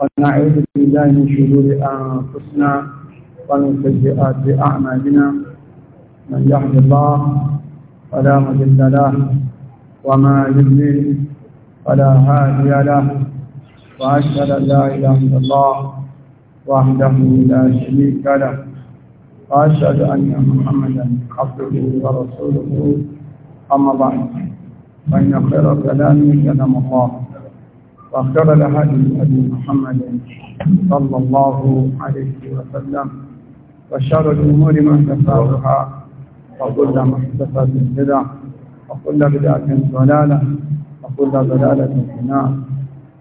ونعوذ بالله من شرور أنفسنا ومن سيئات أعمالنا من يهد الله فلا مضل له وما يضلل فلا هادي له وأشهد أن لا إله إلا الله وحده لا شريك له وأشهد أن محمدا عبده ورسوله أما بعد فإن خير كلامه كلام الله واختار الهدي ابي محمد صلى الله عليه وسلم وشر الامور محدثاتها وكل محدثات بدعه وكل بدعه ضلاله وكل ضلاله في النار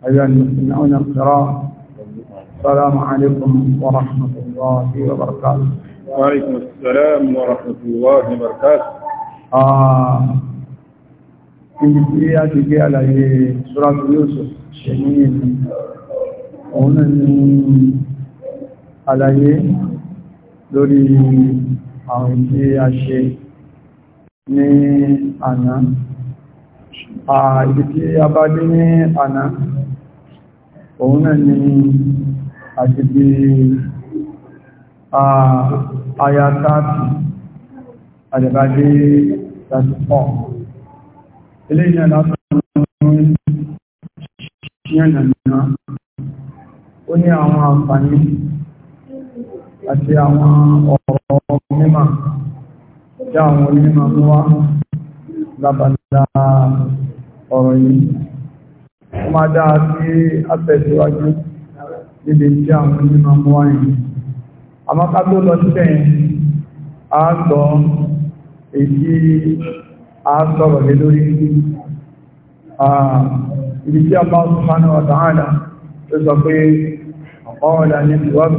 ايها المستمعون القراء السلام عليكم ورحمه الله وبركاته وعليكم السلام ورحمه الله وبركاته آه ibi tí a ti gbé àlàyé ṣúrátù Yúsúf ṣe ní ìlú òun náà ni àlàyé lórí àwọn tí a ṣe ní àná ibi tí a bá dé ní àná òun náà ni àti bí àyàtàtì àdìbàdé 34 eléyìí alásọ̀rọ̀ ṣíyànàmìnà ó ní àwọn àǹfààní àti àwọn ọ̀rọ̀ mímọ̀ tí àwọn onímọ̀ ń wá lábàdà ọ̀rọ̀ yìí ó máa dáa sí àtẹ̀síwájú níbi tí àwọn onímọ̀ ń wá yìí àmọ́ ká tó lọ síbẹ̀ yẹn á gbọ́ èyí a sọ̀rọ̀ lé lórí ibi tí wa tó sọ pé نسوة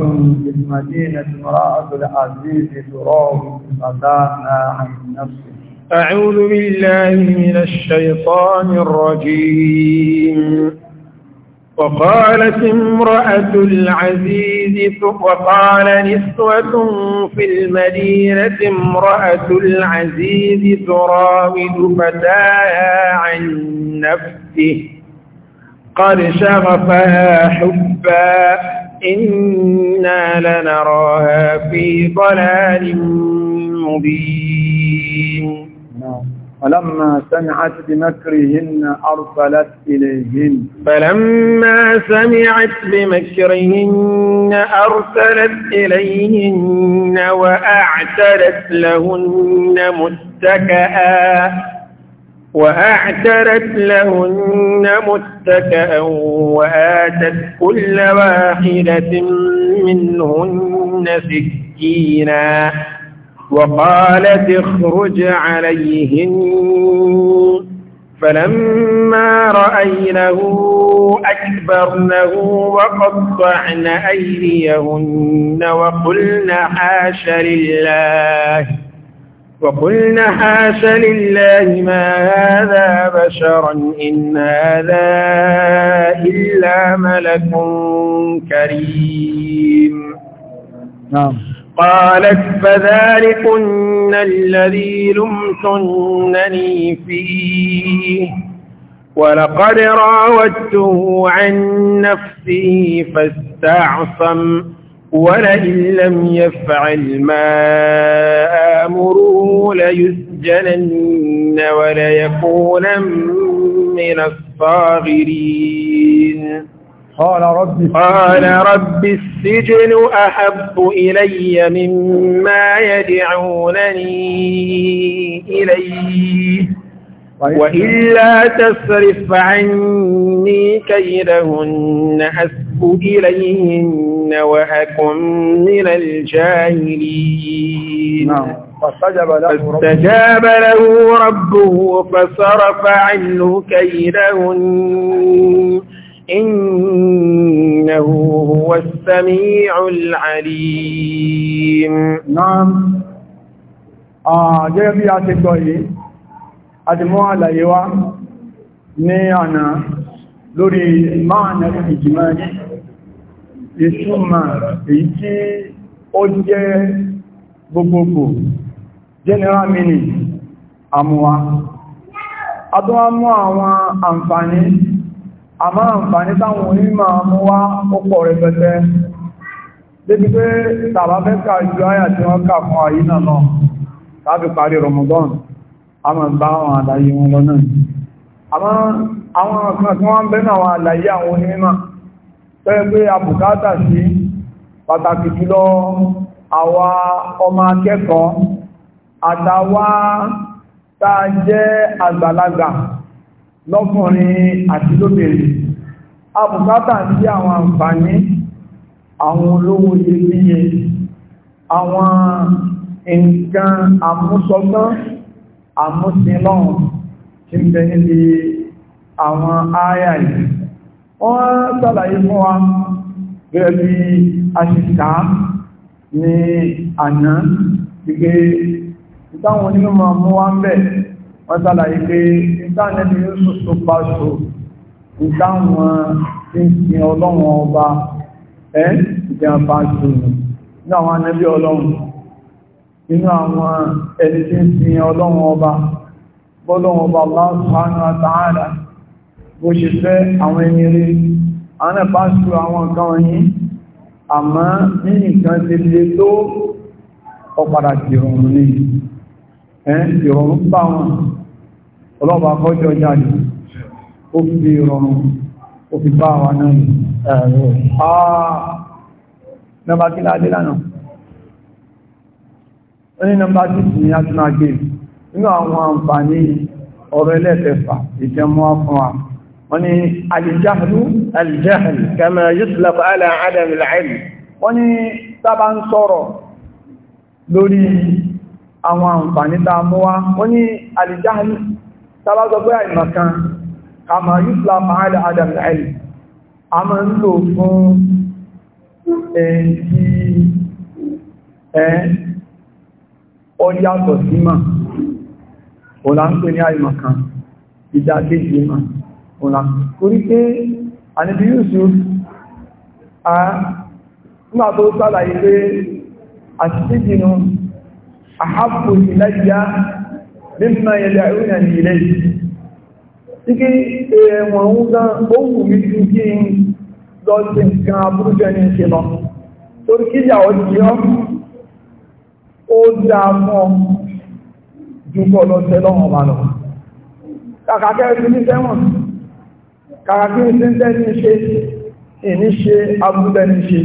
في المدينة امرأة العزيز تراود فتاها عن نفسه أعوذ بالله من الشيطان الرجيم وقالت امرأة العزيز وقال نسوة في المدينة امرأة العزيز تراود فتاها عن نفسه قد شغفها حبا إنا لنراها في ضلال مبين نعم. فلما سمعت بمكرهن أرسلت إليهن فلما سمعت بمكرهن أرسلت إليهن وأعترت لهن متكئا وأعترت لهن متكأا وآتت كل واحدة منهن سكينا وقالت اخرج عليهن فلما رأينه أكبرنه وقطعن أيديهن وقلن حاش لله وقلن حاش لله ما هذا بشرا إن هذا إلا ملك كريم نعم قالت فذلكن الذي لمتنني فيه ولقد راودته عن نفسه فاستعصم ولئن لم يفعل ما آمره ليسجنن وليكونن من الصاغرين قال رب قال رب السجن أحب إلي مما يدعونني إليه طيب. وإلا تصرف عني كيدهن أسب إليهن وأكن من الجاهلين نعم فاستجاب له, فاستجاب له ربه فصرف عنه كيدهن إنه هو السميع العليم نعم gẹ́gẹ́ bí a ti gbọ́ yìí a ti mọ́ àlàyé wá ní àná lórí máàna ìjìmọ̀ ìṣúnmà èyí tí ó jẹ́ gbogbogbò general meaning àmúwa a tó wá mú àwọn àǹfààní àmá àǹfàní táwọn onímọ̀ mú wá ọ̀pọ̀ rẹpẹtẹ débi pé tàbá mẹ́ta ju àyà tí wọ́n kà fún àyí náà náà láti parí Ramadan a máa bá àwọn àlàyé wọn lọ náà àwọn ọ̀kan tí wọ́n bẹ́ náà àlàyé àwọn onímọ̀ pẹ́ pé sí pàtàkì jùlọ àwa ọmọ akẹ́kọ̀ọ́ tá lọ́kùnrin àti lóbìnrin abùkátà sí àwọn àǹfààní àwọn olówó iyebíye àwọn nǹkan àmúsọgbọ́n àmúsinlọ́run tí ń bẹ níbi àwọn àyà yìí wọ́n sàlàyé fún wa gẹ́gẹ́ bí aṣìkà ní àná gẹ́gẹ́ ìtàwọn onímọ̀ mú wa ń bẹ̀rẹ̀ wọ́n sálàyé pé ìtànẹ́bí Yusuf tó pàṣọ ìtàwọn tí ń sin ọlọ́run ọba ẹ́ ìjẹun pàṣọ ní àwọn anẹ́bí ọlọ́run inú àwọn ẹni tí ń sin ọlọ́run ọba bọ́lọ́run ọba Allah subhanahu wa ta'ala bó ṣe fẹ́ àwọn ẹni rí àwọn pàṣọ àwọn nǹkan yìí àmọ́ ní nǹkan ti le tó ọ̀padà ìrọ̀rùn ní ìrọ̀rùn bá wọn ọlọ́ba kọjọ jáde ó fi rọrùn ó fi bá wa náà ẹ̀rọ ah, nọmba kí láti lánà ó ní nọmba tí sì ní àti máa gbé nínú àwọn àǹfààní ọ̀rọ̀ ẹlẹ́ẹ̀kẹfà ìjẹmọ́ fún wa wọ́n ní alìjáhìlú alìjáhìlú kama yutlaq ala adam tàbá sọ pé àìmọ̀kan kàmà yúfla adam a máa ń lò fún èyí ẹ́ ọjàtọ̀ símọ̀ òun la ní àìmọ̀kan ìdákéjì mọ̀ òun la àníbí Yusuf a nígbà tó sálàyé pé àti mímọ̀ ilẹ̀ ìrìnà ní ilẹ̀ ìkí ẹ̀wọ̀n ń gán ohun mi ti kí n lọ sí nǹkan abúrújẹ́ ní ṣe lọ torí kí ìyàwó ti ọ́ ó dá mọ́ jùkọ́ lọ tẹ́ lọ́wọ́n bá lọ kàkàkẹ́ fi ní sẹ́wọ̀n kàkàkí ń sí tẹ́ ní ṣe ìní ṣe abúrújẹ́ ní ṣe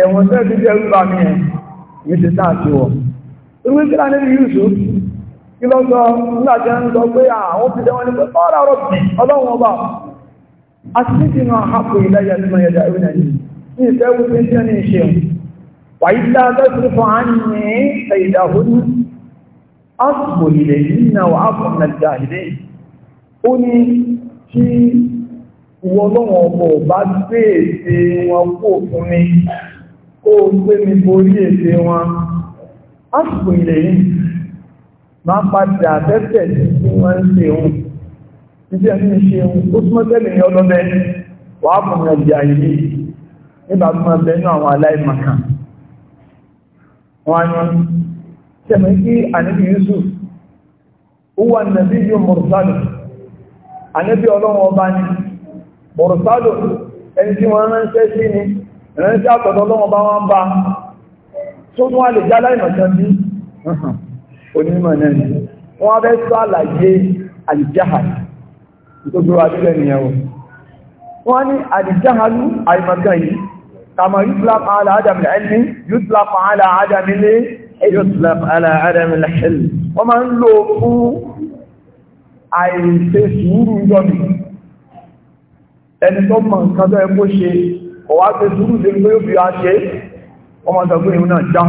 ẹ̀wọ̀n tẹ́ fi jẹ́ rúbà mi ẹ̀ mi ti táà ti wọ̀ irú ìsìlá níbi Yusuf kí ló sọ nígbàtí ń sọ pé àwọn ah, ti dẹ́wọ́n ní pé ọ́rọ̀ ọ̀rọ̀ bí ọlọ́run ọba àtìsí náà hapò ìlẹ́yà tí mọ̀yẹ̀dà ìrìnà yìí ní ìfẹ́ wípé tí ẹni ṣe wàyí dá tẹ́sí fún à ń ní ṣèyídà hóní àpò ilẹ̀ yìí náà wà ápò nàìjà ilé ó ní kí ìwọlọ́wọ̀n ọkọ̀ bá gbé èsè wọn kó fún mi kó gbé mi borí èsè wọn àpò ilẹ̀ yìí máa padà tẹ́tẹ̀ tí wọ́n ń ṣe òun títí ẹni ń ṣe òun ó súnmọ́ tẹ́lẹ̀ ní ọlọ́bẹ wàá fún mi ọjà ìlú nígbà tí wọ́n bẹnu àwọn aláìmọ̀kà wọn ni tẹ̀mí kí àníbi Yusuf ó wà nàbí yóò mọ̀rọ̀sálò àníbi ọlọ́wọ́ bá ní mọ̀rọ̀sálò ẹni tí wọ́n ránṣẹ́ sí ni ránṣẹ́ àtọ̀dọ̀ ọlọ́wọ́ bá wọn bá tó tún lè já láìmọ̀kà bí onímọ̀ náà ni wọ́n fẹ́ sọ àlàyé àlìjáhàlì tó gbé wa sílẹ̀ nìyẹn o wọ́n ní àlìjáhàlù àìmọ̀kan yìí kàmà yútlap àlà àdàmìlẹ̀ ẹni yútlap àlà àdàmìlẹ̀ yútlap àlà àdàmìlẹ̀ ẹni wọ́n máa ń lò fún àìṣe sùúrù yọ́nì ẹni tó mọ̀ nǹkan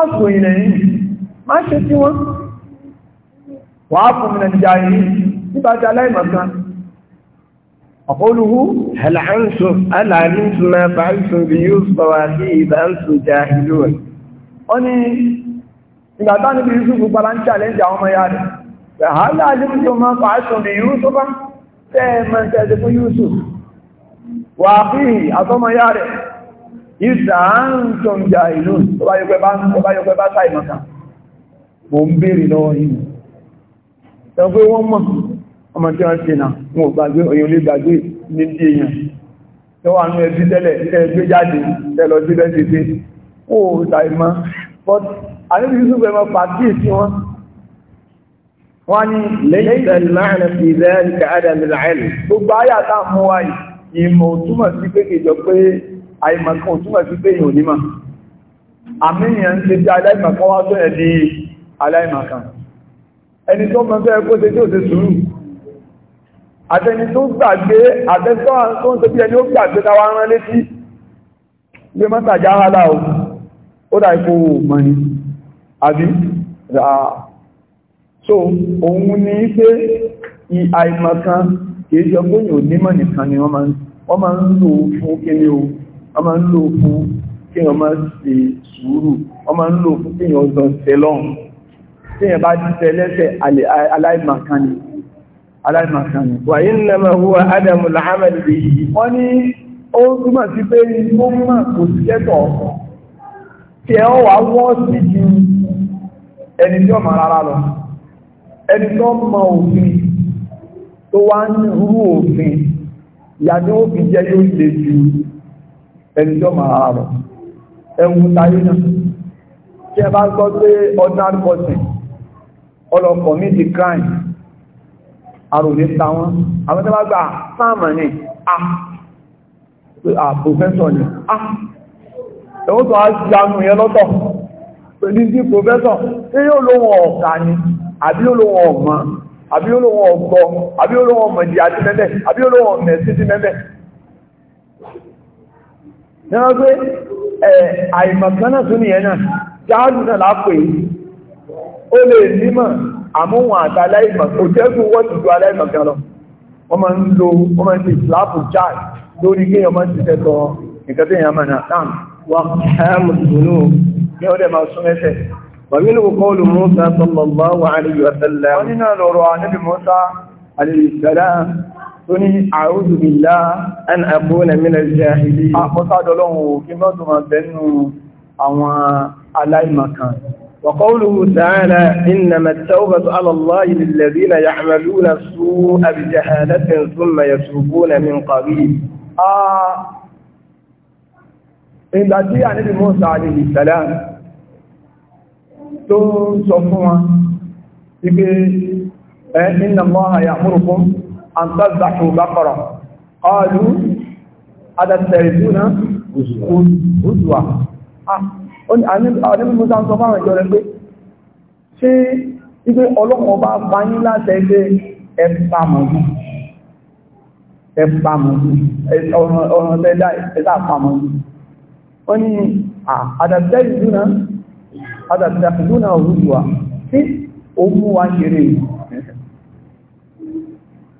ọ̀sùn ìrìn ẹ̀yìn máa ṣe tí wọ́n wà á fún ìrìn ìjà yìí nígbà tí aláìmọ̀kan ọ̀pọ̀lùhú aláàrínsùnmá fàárínsùn bí yóò sọ̀rọ̀ sí ìbáǹsùn jà ìlú rẹ̀ ó ní ìgbà tá níbi yusuf gbala ń challenge àwọn ọmọ ya rẹ̀ rẹ̀ ìdáhùntún jà ìlú tó bá yọpẹ bá sáì mọ́ta bò ń bèèrè lọ́wọ́ ìlú ẹgbẹ́ wọ́n mọ̀ ọmọ tí wọ́n ṣe náà wọ́n gbàgbé òyìn olè gbàgbé ní bí èèyàn tó wà ní ẹbí tẹ́lẹ̀ ẹgbẹ́ jáde tẹ́lọ sí bẹ́ẹ̀ tẹ́tẹ́ ó sáì mọ́ but àníbi yusuf ẹmọ pàtí sí wọn wọ́n ní lẹ́yìn ìlànà fi bẹ́ẹ̀ ní kàádà nílẹ̀ àìlú gbogbo ayà táà mú wáyìí ìmọ̀ òtúmọ̀ sí pé kìjọ pé àìmọ̀kan òtúmọ̀ sí pé èyàn onímọ̀ àmìyàn ń ṣe tí aláìmọ̀kan wá sọ́yẹ̀ di aláìmọ̀kan ẹni tó mọ́ fẹ́ kó ṣe tí ó ṣe sùúrù àtẹni tó gbàgbé àtẹ́sọ́ tó ń ṣe bí ẹni ó gbàgbé táwa rán létí gbé mọ́tàjá hálà o ó dà ipò mọ̀ ni àbí so òun ni pé àìmọ̀kan kìí ṣe gbóyìn onímọ̀ nìkan ni wọ́n máa ń lò fún kíní o wọ́n máa ń lò fún kí wọ́n máa ṣe sùúrù wọ́n máa ń lò fún kí wọ́n zọ tẹ́lọ́n tí wọ́n bá ti lẹ́sẹ̀ aláìmàkánì wà yí nàmà huwa adamu lahamadu bí i wọ́n ní ó túmọ̀ sí pé ó ju ẹni tí ó mọ̀ rárá lọ ẹni tó ni ó ju ẹnìjọ́ máa rọ̀ ẹwù náà tí ẹ bá gbọ́ pé person ọlọ commit crime àròlé ta wọn àwọn tí professor ẹ̀wọ́n tó yẹn lọ́tọ̀ pẹ̀lú professor yóò ọ̀ka ni àbí yóò àbí yóò àbí yóò àti àbí ní wọ́n pé àìmọ̀kánà tún ní ẹ̀nà jáàdù náà lápò yìí ó lè nímọ̀ àmúhùn àti aláìmọ̀ kò tẹ́kùn wọ́n ti ju aláìmọ̀kán lọ wọ́n máa ń lo wọ́n máa ń ti ìsìláàpù jáàdù lórí kí èèyàn máa ń ṣiṣẹ́ tọ nǹkan tí èèyàn máa nà tán wà hàmù dùnú ní ọdẹ lọ́rọ̀ àníbi Musa alaihi salam tóní a'udhu billahi an akuna minal jahilin àpọ́sádọ́lọ́hun òfin mọ́tún àbẹ́nu àwọn aláìmọ̀kan وقوله تعالى إنما التوبة على الله للذين يعملون السوء بجهالة ثم يتوبون من قريب آه إذا جاء نبي موسى عليه أن تذبحوا بقرة قالوا أتتخذون هزوا ani musa sọ fáwọn ìjọ rẹ̀ pé ṣé ibi ọlọ́pọ̀ bá báyín láti ẹgbẹ́ ẹ̀pàmọ̀dún ẹ̀pàmọ̀dún ọ̀rọ̀ ẹ̀dá ẹ̀pàmọ̀dún wọ́n ni àdàbẹ́ ìdúnà àdàbẹ́ ìdúnà òrùwà tí ó mú wa ṣeré yìí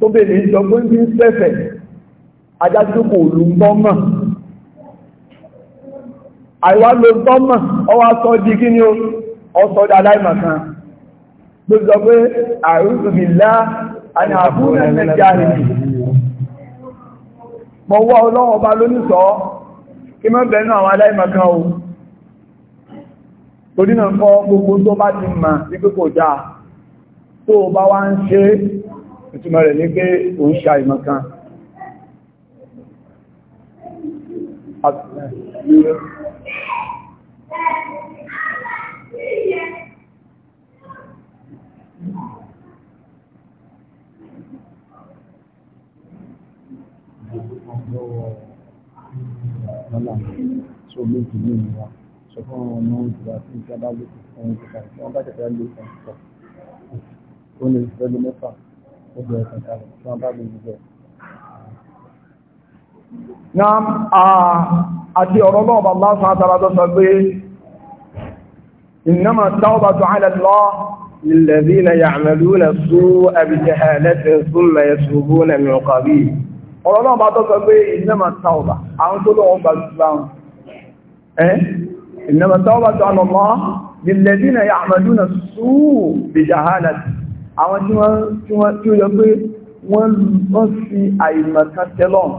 tó bèèrè ìjọgbọ́n tí ń sẹ́fẹ̀ ajájúkò olùgbọ́mọ̀ àìwá ló gbọ́mọ̀ ọwá sọ di kí ni ó sọ dáadáa ìmọ̀kan ló sọ pé àrùsùmìlá àni àbúrẹ̀ mẹ́jà rẹ̀ mọ̀ wọ́ ọlọ́wọ́ bá lónìsọ́ kí mọ́ bẹ̀ẹ́nà àwọn aláìmọ̀kan o torí náà kọ́ gbogbo tó bá ti mà ní pípò dáa tó bá wá ń ṣe ìtumọ̀ rẹ̀ ní pé òun ṣe àìmọ̀kan So, me to me, so, oh, no, I think about it. Wọ́n ní ìfẹ́lú mẹ́fà gbogbo ẹ̀sìn kalẹ̀ tí wọ́n bá lè yí bẹ́ẹ̀. Nam àti ọ̀rọ̀ náà bá Allah sàn àtàrà tó sọ pé ìnáma táwọ́bà tó hálẹ̀ lọ lilladhina ya'maluna as-su'a bi jahalatin thumma yatubuna min qarib. Ọ̀rọ̀ náà bá tó sọ pé ìnáma táwọ́bà àwọn tó lọ́wọ́ gbàgbà إنما التوبة على الله للذين يعملون السوء بجهالة àwọn tí wọ́n tí wọ́n tí ó yọ pé wọ́n fi àìmọ̀ta tẹ́lọ̀n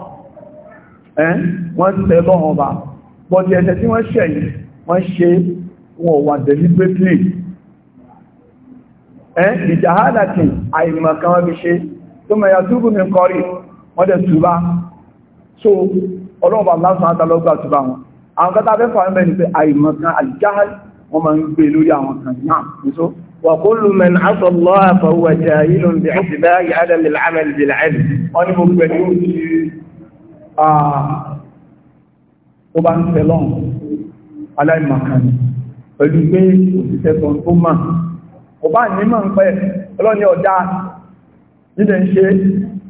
ẹ́n wọ́n tẹ́lọ̀n ọba bọ́dí ẹ̀ṣẹ̀ tí wọ́n ṣẹ̀ yìí wọ́n ṣe wọn wà deliberately ẹ́n ìjàhálàtì àìmọ̀ka wọ́n fi ṣe tó mẹ́yà túbù mi kọrí wọ́n dẹ̀ túbá so ọlọ́ọ̀bà lásán àtàlọ́gbà túbá wọn àwọn kátà fẹ́ fà ń bẹ́ni pé àìmọ̀ka àìjáhálì wọ́n máa ń gbé lórí àwọn kan náà وكل من عصى الله فهو جاهل باعتبار عدم العمل بالعلم wọ́n ní gbogbo ẹni ó ti ó bá ń tẹ́lọ́n aláìmọ̀kan pẹ̀lú pé òṣìṣẹ́ tó ń tó mà kò bá ní mọ̀ ń pẹ́ ọlọ́ni ọ̀dá nílẹ̀ ń ṣe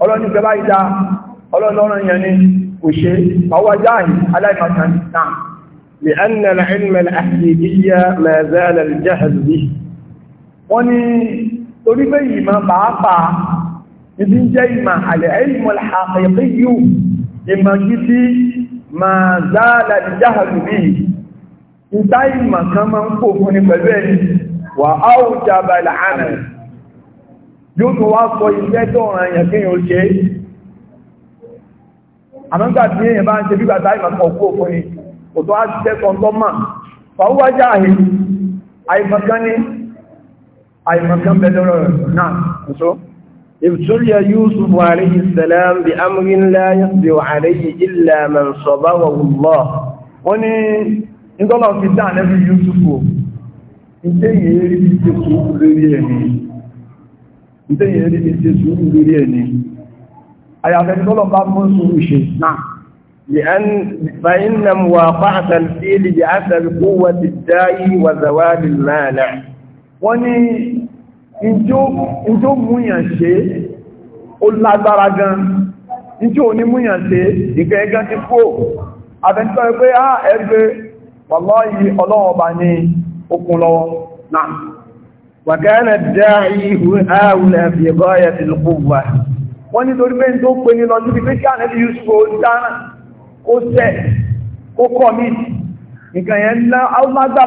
ọlọ́ni ìjọba ìdá ọlọ́ni ọ̀rọ̀ yẹn ni kò ṣe àwọn ajáàyìn aláìmọ̀kan náà لأن العلم الحقيقي ما زال الجهل به wọ́n ní torí pé ìmọ̀ pàápàá ibi ń jẹ́ ìmọ̀ àlẹ́ ìmọ̀ àpẹẹ̀pẹ́ yíò ìmọ̀ gidi ma záàlá ìjáhàlù bí ìta ìmọ̀ kan máa ń pò fún ní pẹ̀lú ẹni wà áwùjá balẹ̀ àmì yóò tó wá sọ iṣẹ́ tó ràn yàn kí yóò àmọ́gbà tí èyàn bá ń ṣe bígbà tá ìmọ̀ kan kó ni kò tó á ṣiṣẹ́ kan tó àìmọ̀kan ni àìmọ̀kan bẹ̀lọ́rọ̀ náà ṣọ́ ابتلي يوسف عليه السلام بأمر لا يصبر عليه إلا من صبره الله wọ́n ní ìdọ́lọ̀ fi dá ànẹ́bí Yúsùfù ìtẹ́yìn èrí bí ṣe sùúrù lórí ẹni àyàfẹ́ tọ́lọ̀ bá mọ́ sùúrù ṣe náà لأن فإن موافعة الفيل بأثر قوة الداعي وزوال المانع wọ́n ní ìjó múyàn ṣe ó lágbára gan ìjó ní múyàn ṣe ìgẹ́gẹ́ ti kó àbẹ́ntọ́ ẹgbẹ́ á ẹgbẹ́ wàlọ́yí ọlọ́ọ̀bá ní okun lọ́wọ́ náà wàkẹ́rẹ̀ dẹ́ wọ́n pé tó pè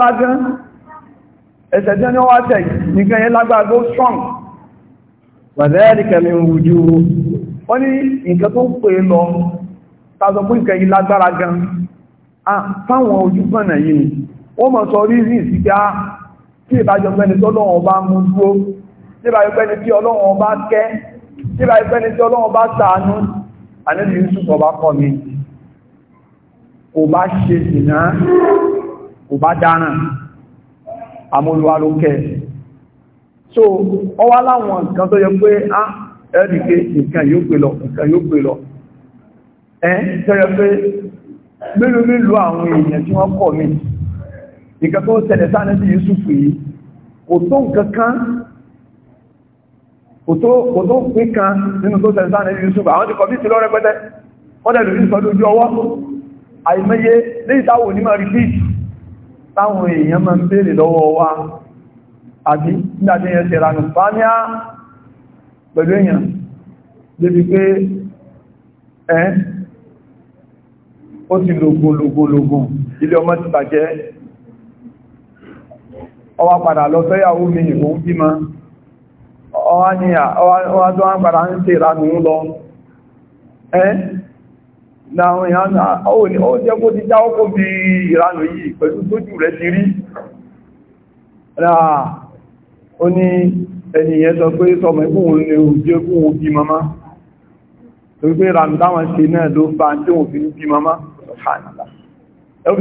ẹ̀ṣẹ̀ tí wọ́n wá tẹ̀ nìkan yẹn lágbára tó strong wàdẹ́ẹ̀dìkẹ̀mí ojú wọ́n ní nǹkan tó pè lọ tàbí pín nǹkan yìí lágbára gan ah, fáwọn ojú pẹ̀nà yìí ni wọ́n mọ̀ sọ rírí ìsìká ah, tí ìbájọpẹ́ni tí ọlọ́run ọba mú dúró tí ìbájọpẹ́ni tí ọlọ́run ọba kẹ́ tí ìbájọpẹ́ni tí ọlọ́run ọba ṣàánú àníbi Yusuf ọba kọ́ mi kò bá ṣe ìná kò bá dáràn àmúlùwà ló kẹ́ so ọ wá láwọn nǹkan tó yẹ pé á ah, ẹ́rìké nǹkan yóò pè lọ nǹkan yóò pè lọ ẹ́ tó yẹ pé mélòó mélòó àwọn èèyàn tí wọ́n kọ̀ mí nǹkan tó ṣẹlẹ̀ sáà sí Yusuf yìí kò tó nǹkan kan kò tó pín kan nínú tó ṣẹlẹ̀ sáà sí Yusuf àwọn ti kọ̀ bí ti lọ rẹpẹtẹ wọ́n dẹ̀ lórí sọdójú ọwọ́ àìmọye léyìí táwọn onímọ̀ repeat táwọn èèyàn máa ń béèrè lọ́wọ́ wa àbí nígbàtí èèyàn ṣe ìranù fáníà pẹ̀lú èèyàn débi pé ẹ́ ó ti lògùnlògùnlògùn ilé ọmọ ti bàjẹ́ ọwá padà lọ fẹ́yàwó mi òun bímọ ọwá tó wá padà ń ṣe ìranù lọ ẹ́ láwọn ìhànà ah, ó ní ó jẹ́ kó ti jáwọ́ kó bí ìranù yìí pẹ̀lú tójú rẹ̀ ti rí ráà ó ní ẹniyàn sọ pé sọmọ ìkúhùn lè jẹ́ kúhùn bí mamá torí pé ìranù táwọn ṣe náà ló fa tí wọ́n fi ní bí mamá ẹ̀rù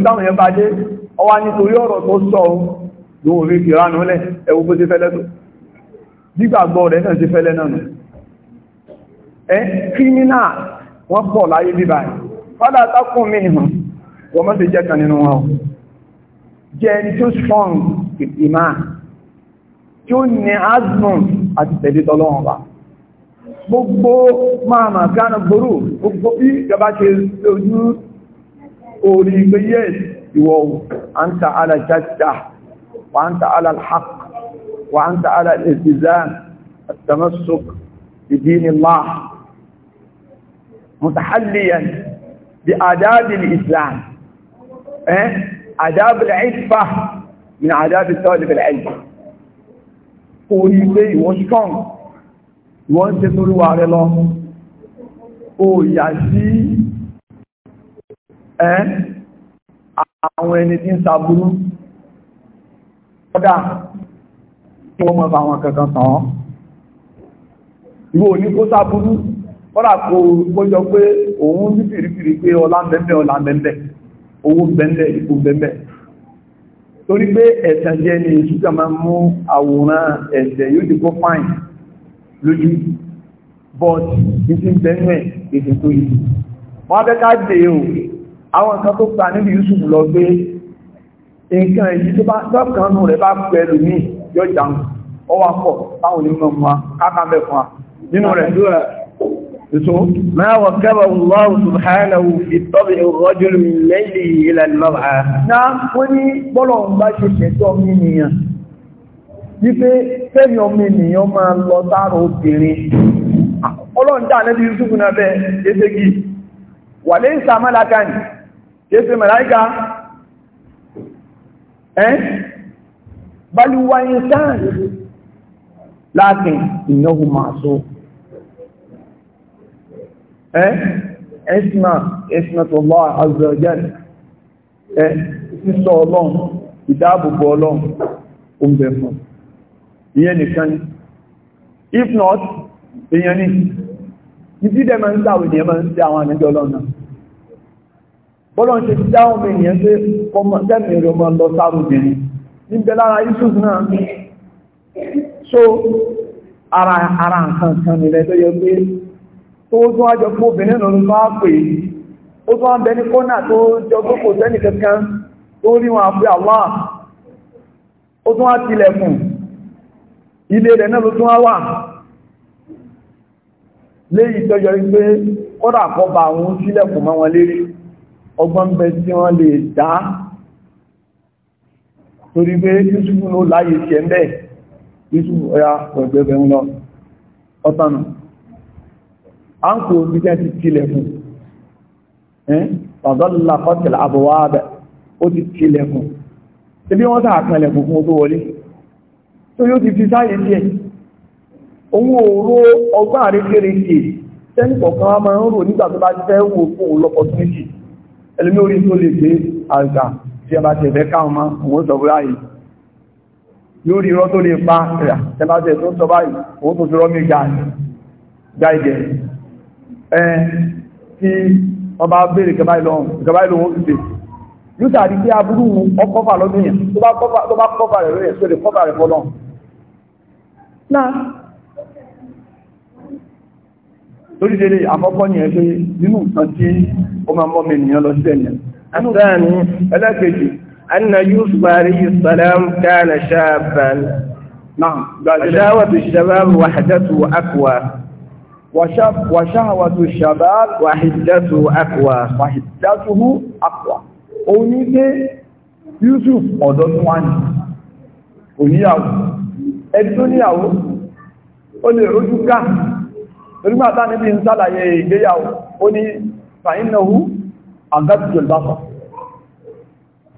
wọ́n pọ̀ láyé bíbá ẹ̀ fádà tákùn mí nìhàn wọ́n mọ́ sí jẹ́ kan nínú wọn jẹ́ ẹni tó strong ìpìmá tí ó ní asmum àti tẹ̀lé tọ́lọ́wọ́n gbogbo máa mà gánà gbòrò gbogbo bí ìjọba ṣe lójú orí pé yes ìwọ̀ ìdínilá mutahalliyan bi adábil islam eh adábil ifá min adábil tọ́lìbil ẹ̀yìn kò rí pé ìwọ́n strong ìwọ́n ṣe torí wà rẹ lọ ó yà sí ẹ́ eh? àwọn ẹni tí ń sàbúrú ọdá tí wọ́n mọ́ fà àwọn kankan tán ìwọ́n ò ní kó sàbúrú kọ́lá kò kójọ pé òun ní fìrífìrí pé ọlá bẹ́ẹ̀ ọlá bẹ́ẹ̀ owó bẹ́ẹ̀ ipò bẹ́ẹ̀ torí pé ẹ̀sẹ̀ jẹ́ ni ìṣúgbà máa mú àwòrán ẹ̀sẹ̀ yóò ti fáìn lójú but ìsì bẹ́ẹ̀ ẹ̀ èdè tó yìí wọ́n á bẹ́ẹ̀ ká dé o àwọn nǹkan tó pa níbi Yusuf lọ gbé nǹkan èyí tó bá tọ́kànnù rẹ̀ bá pẹ̀lú míì ما وكبه الله سبحانه في طبع الرجل من ميله إلى المرأة نعم وني بلو مباشي شيطان مني wípé fẹ́mi ọmọ ènìyàn máa lọ tààrà obìnrin ọlọ́run dáa lẹ́bí Yusuf náà bẹ́ ẹ́sẹ́gì wà lè ń sa mọ́láka ní ẹ́sẹ́ mẹ́láíkà ẹ́n balùwà ìsáà láti ìnáwó máa sọ ẹ́sìnà ẹ́sìnà tó lọ́ àzọ̀jẹ́ ẹ́ sísọ ọlọ́run ìdáàbòbò ọlọ́run oúnjẹ fún ìyẹn nìkan ni if not èyàn ní ìdí dẹ̀ máa ń sáwò ènìyàn máa ń sí àwọn àníjọ́ ọlọ́run náà bọ́lọ̀ ṣe ti dáhùn mi ènìyàn pé tẹ́mì rẹ̀ máa lọ sáàrùbìnrin níbẹ̀ lára Yusuf náà so ara nǹkan kan nílẹ̀ tó yẹ pé tó tún wájọ pé obìnrin lọ́nà bá pè ó tún wá ń bẹ ní kọ́nà jọ kò kankan tó rí wọn àpé Allah ó tún wá tilẹ̀kùn ilé rẹ̀ náà ló wá wà léyìí tọ́jọ́ pé kọ́dà kọba àwọn sílẹ̀kùn wọn lérí ọgbọ́n bẹ tí wọ́n lè dá torí pé ló láyé ọya áńkù omi jẹ́ ti tilẹ̀ fún ọ̀dọ́lá kọ́tìlá àbúwá abẹ́ ó ti tilẹ̀ fún tí bí wọ́n sáà pẹ̀lẹ̀ fún fún tó wọlé tó yóò ti fi sáyé díẹ̀ ohun òró ọgbà àrékèrèkè tẹ́lì kọ̀ọ̀kan wá máa ń rò nígbà tó bá fẹ́ wò fún olọ́pọ̀túnìtì ẹlùmí orí tó lè gbé àgbà tí a bá ti ẹ̀fẹ́ káwọn máa òun sọ báyìí yóò rí irọ́ tí ti ọba bèèrè gaba ìlọ́wọ́ ìpè yóò tàbí tí aburú ọkọ́fà lọ́dún yẹn tó bá kọ́fà rẹ̀ lóyẹ̀ tó lè kọ́fà rẹ̀ fọ́lọ́n náà torí délé àkọ́kọ́ ní ẹgbẹ́ nínú nǹkan tí ó máa mọ́mí ènìyàn lọ sí ẹ̀yẹn àtàní anna Yusuf alayhi salam kana shaban náà gbàjẹ́ wàṣáwàtò ṣàbáb wàhìdátò àkùwà wàhìdátòhù àkùwà o ní pé Yusuf ọ̀dọ́ tó wá ní oníyàwó ẹni tó níyàwó ó lè rójú ká orígbàtà níbi ń sálàyé ìgbéyàwó ó ní fàínàwó àgbàtìjọlbáfà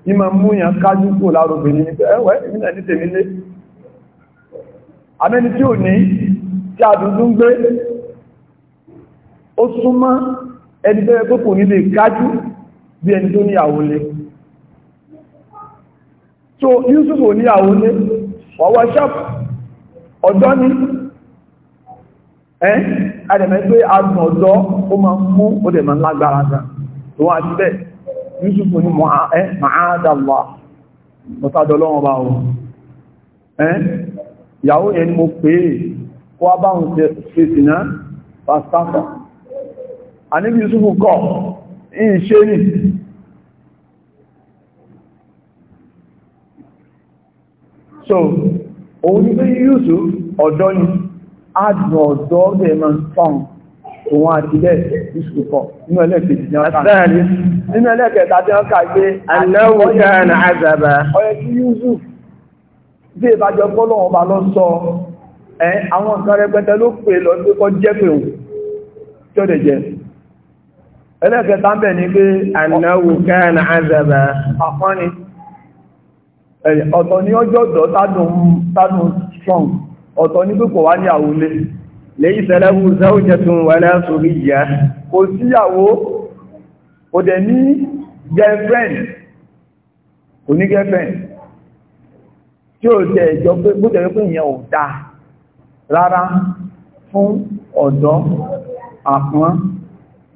ìmọ̀ múyàn kájú kò lárobìnrin ní ó súnmọ́ ẹni tó yẹ kókò nílé kájú bí ẹni tó ní àwọlé so Yusuf ò ní àwọlé wàwọ́ ṣọ́pù ọ̀dọ́ ni ẹ́ adẹ̀mẹ́ pé agbọ̀n ọ̀dọ́ ó máa mú ó dẹ̀ máa lágbára gan tó wá sí bẹ́ẹ̀ Yusuf ní ma'ádàlá mọ́tàdọ́lọ́wọ́ bá wọn ẹ́ ìyàwó yẹn àníbí ìsúfù kọ̀ ìṣe nì so òun ni pé yíùsù ọ̀dọ́ ni adùn ọ̀dọ́ ọ̀dẹ̀ ma ń fọ́n òun àti ilẹ̀ ìsúfù kọ̀ nínú ẹlẹ́kẹ̀ẹ́ta tí wọ́n kà gbé aláwọ̀ká na azaba ọ̀yẹ́ tí yíùsù bí ìbájọ́ pọ́lọ̀wọ̀n bá lọ sọ ẹ̀ àwọn nǹkan rẹpẹtẹ ló pè lọ kọ́ ẹlẹ́kẹta ń bẹ̀ ní pé ànáwò káàna àzàbà àpọ́ni ọ̀tọ̀ ní ọjọ́ ọ̀dọ̀ tádùn strong ọ̀tọ̀ ní pípọ̀ wá ní àwúlé lèyí sẹ́lẹ́wù zawjatun wala suriyya kò síyàwó kò dẹ̀ ní girlfriend kò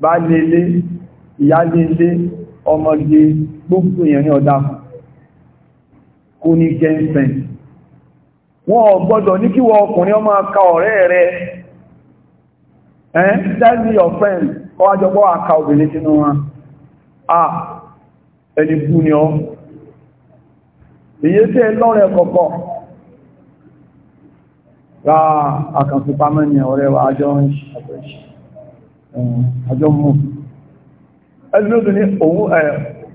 bálélé ìyálélé ọmọge gbogbo èèyàn ní ọ̀dá kò ní gẹ́ǹsẹ̀n wọ́n gbọ́dọ̀ ní kí wọ́n ọkùnrin ọmọ aka ọ̀rẹ́ rẹ̀ ẹ́n tell me your kọwàjọpọ̀ aka obìnrin sínú wọn à ẹni kú ni ọ èyí tí ẹ lọ́rẹ̀ kọ̀kọ̀ ra àkànfipamẹ́ ni ọ̀rẹ́ wa jọ ń ṣe Eh, àjọ mú ẹni ló tún ní òun eh, ẹ̀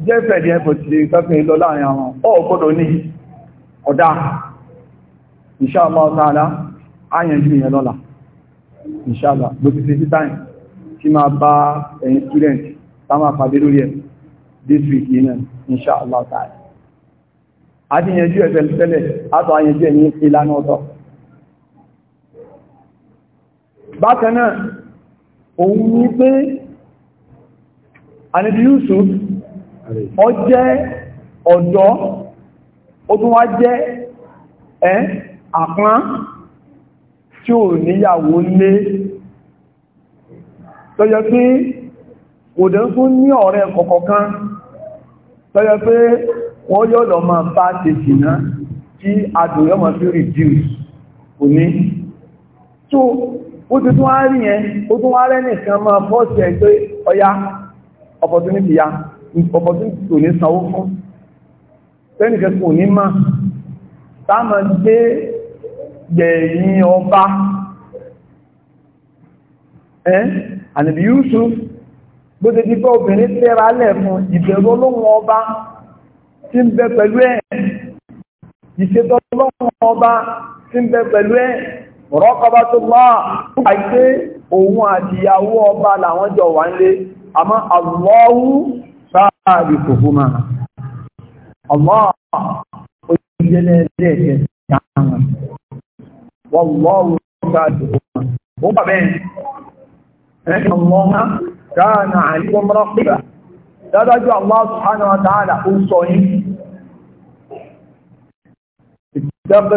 jẹ́ fẹ̀dí ẹ̀kọ̀ ti kẹfẹ́ lọ láàrin àwọn ọ̀gbọ́dọ̀ ní ọ̀dá inshallah ta'ala áyànjú ìyẹn lọ́la inshallah bó ti fi sítáyìn tí máa bá ẹ̀yin student tá máa pàdé lórí ẹ̀ this week yìí inshallah ta'ala àti ìyẹnjú ẹ̀fẹ́ tẹ́lẹ̀ àtọ̀ àyànjú ẹ̀yìn ìlànà ọ̀tọ̀ bákan náà òun ní pé anibi Yusuf ọ jẹ́ ọ̀dọ́ ó tún wá jẹ́ ẹ́ àpán tí ò níyàwó lé tọ́jọ́ pé kò dẹ̀ fún ní ọ̀rẹ́ kọ̀kọ̀kan tọ́jọ́ pé wọ́n yọ́ lọ máa bá ti jìnà tí adùn yọ́ ma fi reduce kò ní ó ti tún wá rí yẹn ó tún wá nìkan máa fọ́ọ̀sì ẹ̀ pé ọya opportunity ya opportunity tó ní sanwó fún tẹ́nìkẹ́ kò ní máa táàmà dé gbẹ̀yìn ọba ẹ́n ànìbí Yusuf bó ti di pé obìnrin tẹ́ra lẹ̀ ìbẹ̀rù olóhun ọba tí ń bẹ pẹ̀lú ẹ̀ ìṣètò olóhun ọba tí ń bẹ pẹ̀lú ẹ̀ rọ́kọba tó máa àìsé òun àtìyàwó ọba làwọn jọ wà ń lé àmọ́ àlọ́wú sáàrì kòkó máa ọmọ òjìlẹ̀ lẹ́ẹ̀kẹ́ sáàrì wọ́n lọ́wú sáàrì kòkó máa ó bàbẹ́ ẹ̀yìn ọmọ máa káàna àìsàn dádájú Allah subhanahu wa ó sọ yín ìjọba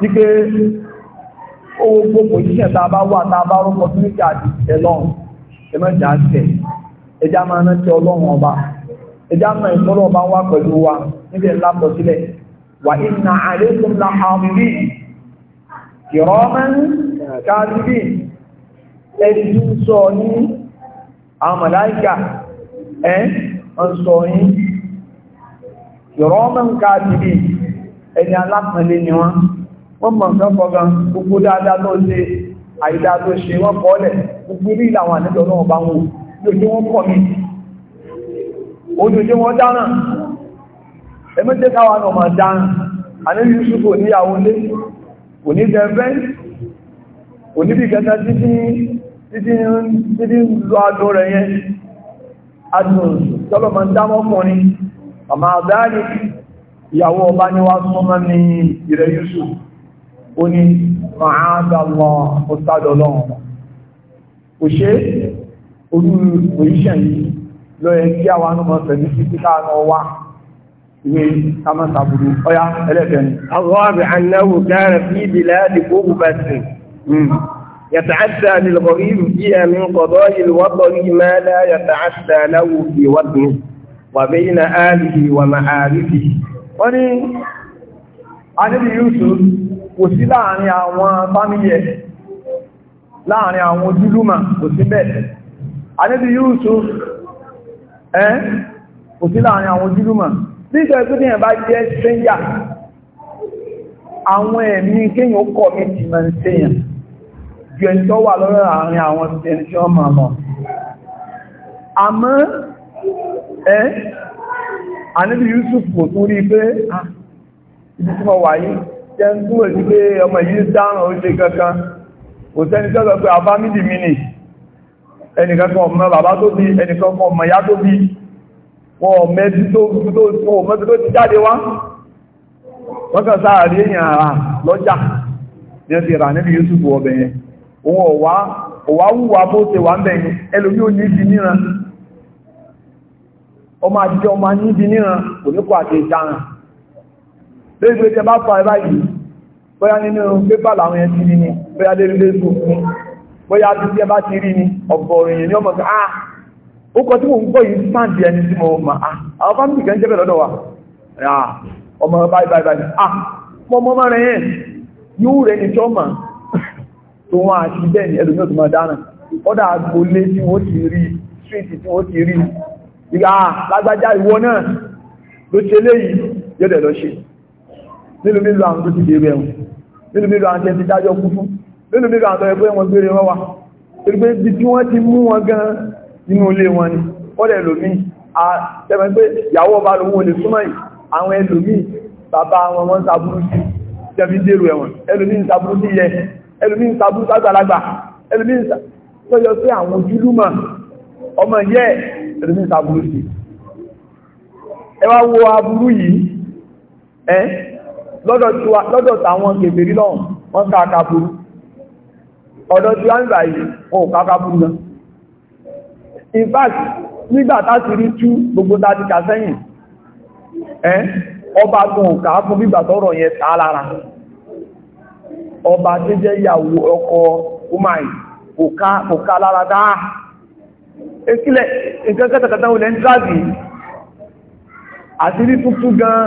wípé owó gbogbo iṣẹ́ tá a bá wà tá a bá rọ́pọ̀ tó ní jà jẹ lọ́run ẹ má jà jẹ ẹjá máa rántí ọlọ́run ọba ẹjá máa ìtọ́lọ́ ọba wá pẹ̀lú wa níbi ńlá pọ̀ sílẹ̀ wà inna alaykum la àmì kiraman katibin ẹni tó ń sọ ní àmàláìkà ẹ́ ń sọ ní kiraman katibin ẹni alápẹ̀lẹ́ ni wọ́n wọ́n mọ̀ nǹkan kọ̀ọ̀kan gbogbo dáadáa tó ṣe àìdá tó ṣe wọ́n kọ́ọ̀lẹ̀ gbogbo ilé ìlànà àníjọ náà bá wò lójú wọn pọ̀ mí ojújú wọn dáná ẹmẹ́jẹ́ káwà náà máa dáná àníbi ṣúkò níyàwó lé kò ní gẹ̀ẹ́fẹ́ kò níbi gẹ̀ẹ́ta títí ń lọ adó rẹ̀ yẹn adùn tọ́lọ̀ máa dámọ́kùnrin àmà àdáyé ìyàwó ọba ni wá súnmọ́ ní ilẹ̀ Yusuf ó ní ọ̀hánàdàlọ́ ọ̀sádọ̀lọ́run kò ṣe orú òyíṣẹ́ yìí lọ́yẹ kí àwọn anúmọ̀ pẹ̀lú sí títà náà wá ìwé samọ́sàbùrú ọya ẹlẹ́fẹ̀ẹ́ni. àwọn àbẹ̀ anáwò kára fi ìbìlẹ̀ àdìgbò bùbẹ̀sìn يتعدى للغريب فيها من قضاء الوطن ما لا يتعدى له في وطنه وبين آله ومعارفه wọ́n ní Ànábì Yusuf kò sí láàrin àwọn fámílì ẹ̀ láàrin àwọn ojúlúmà kò sí bẹ́ẹ̀ Yusuf ẹ́ kò sí láàrin àwọn ojúlùmọ̀ nígbẹ̀ tó díẹ̀ bá jẹ́ sẹ́yà àwọn ẹ̀mí kéyàn kọ̀ mí ti sẹ́yàn ju ẹni tó wà lọ́rọ̀ àárín àwọn ẹni tí wọ́n ibi tí wọ́n wà yí jẹ́ ń túnmọ̀ sí pé ọmọ yìí dáhùn ó ṣe kankan kò sẹ́ni tọ́sọ pé àbá mídì mí nì ẹnìkan kan ọmọ bàbá tó bí ẹnìkan kan ọmọ ìyá tó bí wọn ọmọ ẹbí tó ti jáde wá wọ́n kàn sáà rí èèyàn ara lọ́jà ní ẹ̀sìn rà níbi Yusuf ọbẹ̀ yẹn òun ọ̀wá ọ̀wá wùwà bó ṣe wà ń bẹ̀ yẹn ẹlòmí ò ní ibi níran ọmọ àjíjọ ọmọ ní ibi níran kò ní kó àti ìjáran lẹ́gbẹ̀ẹ́ tẹ bá fà báyìí bóyá nínú pépà làwọn ẹni rí ni bóyá lérí lẹ́sùn fún bóyá tí tẹ bá ti rí ni ọ̀gọ̀rọ̀ èèyàn ní ọmọ ah ó kọ tí mò ń gbọ́ yìí ẹni tí mo ah, àwọn fámìlì kan wa ọmọ báyìí báyìí ah mo mọ́ yẹn yóò rẹ̀ tó àti dáná tí wọ́n ti rí street tí wọ́n ti rí ìgbà ah, lágbájá ìwọ náà ló ṣe yóò nínú mílò àwọn tó ti dèrò ẹ̀wọ̀n nínú mílò àwọn tẹ́ ti dájọ́ kú fún nínú mílò àwọn tó ẹgbẹ́ wọn gbére wọn wá torípé ibi tí wọ́n ti mú wọn gan inú ilé wọn ni wọ́n lẹ̀ lòmí àtẹ́mẹ́ pé ìyàwó ọba lòun ò lè súnmọ́ yìí àwọn ẹlòmí bàbá wọn wọ́n sàbúrú sí tẹ́fi dèrò ẹ̀wọ̀n ẹlòmí ń sàbúrú sí yẹ ẹlòmí ń sàbúrú sàgbàlagbà ẹlòmí ń sọ́yọ sí àwọn ojúlùmọ̀ ọmọ yẹ ẹlòmí ń sàbúrú sí ẹ wá wo aburú yìí ẹ́ lọ́dọ̀ tàwọn kèfèrí lọ́wọ́n wọ́n káàkà burú ọ̀dọ̀ tí wọ́n gbà yìí wọ́n káàkà burú náà in fact nígbàtà ti rí tú gbogbo dájí ká sẹ́yìn ẹ́ ọba gùn ká fún bígbà lára ọba tí jẹ́ ọkọ àti tuntun gan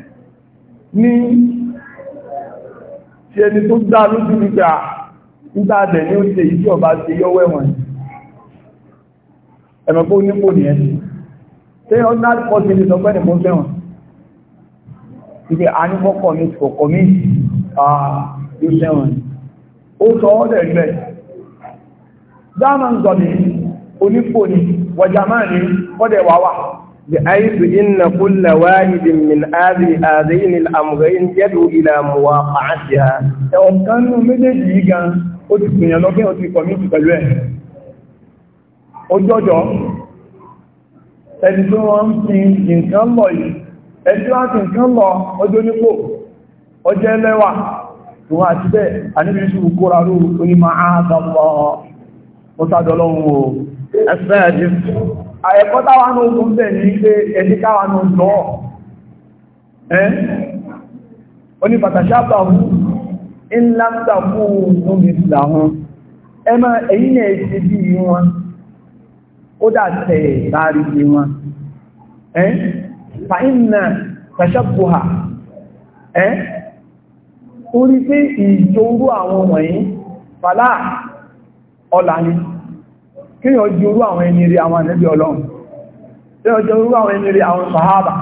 ní tí ẹni tó dá lójú nígbà ìgbàdẹ̀ ní ó ṣe ìdí ọba ṣe yọ́wọ́ ẹ̀wọ̀n ẹ̀mọ̀pọ̀ onípò nìyẹn tí ó dá pọ́sí ní sọpẹ́ nìkan fẹ́wọ̀n ibi àníkọ́kọ́ mi kọ̀kọ́ mi yóò fẹ́wọ̀n ó sọ ọ́ dẹ̀ rí bẹ́ẹ̀ dáàmà ń sọ ní onípò ní wọ̀jàmáà ní fọ́dẹ̀ wà wà بحيث إن كل واحد من هذه هذين الأمرين يدعو إلى مواقعتها ọ̀kan nínú méjèèjì gan ó ti pèèyàn ẹni tí wọ́n fi nǹkan lọ yìí ẹni wọ́n fi nǹkan lọ ọjọ́ nípò ọjọ́ ẹlẹ́wà tó ti bẹ́ẹ̀ aníbíṣù kóra rú onímọ̀ àádọ́mọ́ ó sádọ́lọ́run o ẹ̀kọ́ táwa ní ogun bẹ̀ ní pé ẹni káwa ní lọ ẹ́ oní pàtàṣápà ńláńtà fún omi ìlàhun ẹ máa èyí ní ẹ̀ṣẹ́ bí i wọn ó dà tẹ̀ láàrí bí wọn ẹ́ fàínà orí pé ìjọ orú àwọn wọ̀nyí fàlá ọ̀làní kíyàn ojú orú àwọn ẹni rí àwọn ànẹ́bí ọlọ́run kí ojú orú àwọn ẹni rí àwọn sàhábà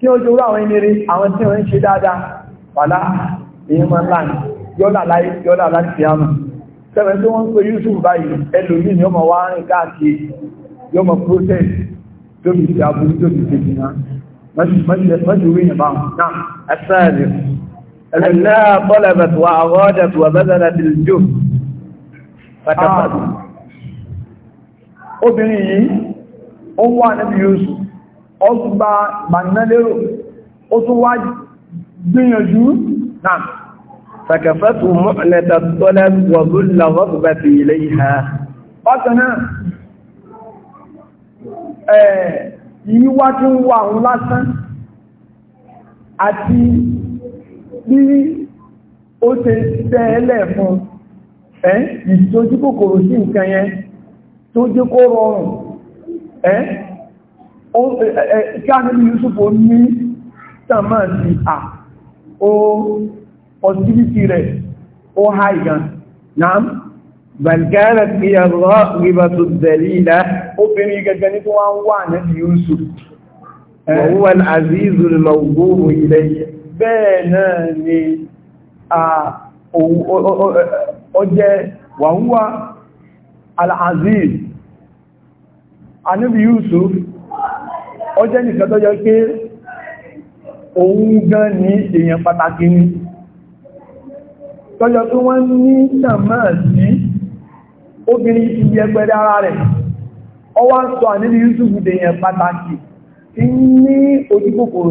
kí ojú orú àwọn ẹni rí àwọn tí wọ́n ń ṣe dáadáa pàlá èyí mọ́ láì yọ́là láì yọ́là láti fi àmà sẹ́wẹ̀n tí wọ́n ń pe Yusuf báyìí ẹlòmí ni ọmọ wá rìn káàkiri yọmọ process tóbi obìnrin yìí ó wà níbi Yusuf ó tún bá gbanilérò ó tún wá gbìyànjú náà fẹ̀kẹ̀fẹ́tù mọ́ẹ̀lẹ́ta tọ́lẹ́ wọ̀búlà wọ́bùbẹ̀ fi ilé ìhà tó jẹ́ kó rọrùn ẹ́ kí a nílùú Yusuf ó ní tàmà sí à ó ọ̀sílítì rẹ̀ ó ha ìgàn náà bàlgára ti yàrá ríbà tó dẹ̀lílá obìnrin gẹ́gẹ́ ní tó wá ń wà nílùú Yusuf wọ́n àzízù lọ́gbọ́rù ilẹ̀ bẹ́ẹ̀ náà ni ọjẹ́ wàhúwà Alaziz aziz yusuf ó jẹ́ nìkan tó pé òun gan ní èèyàn pàtàkì ni tọ́jọ́ tó wọ́n ní sàmà sí obìnrin ti yẹ ara rẹ̀ ọ wá ń sọ yusuf dèèyàn pàtàkì tí ní ojúkòkòrò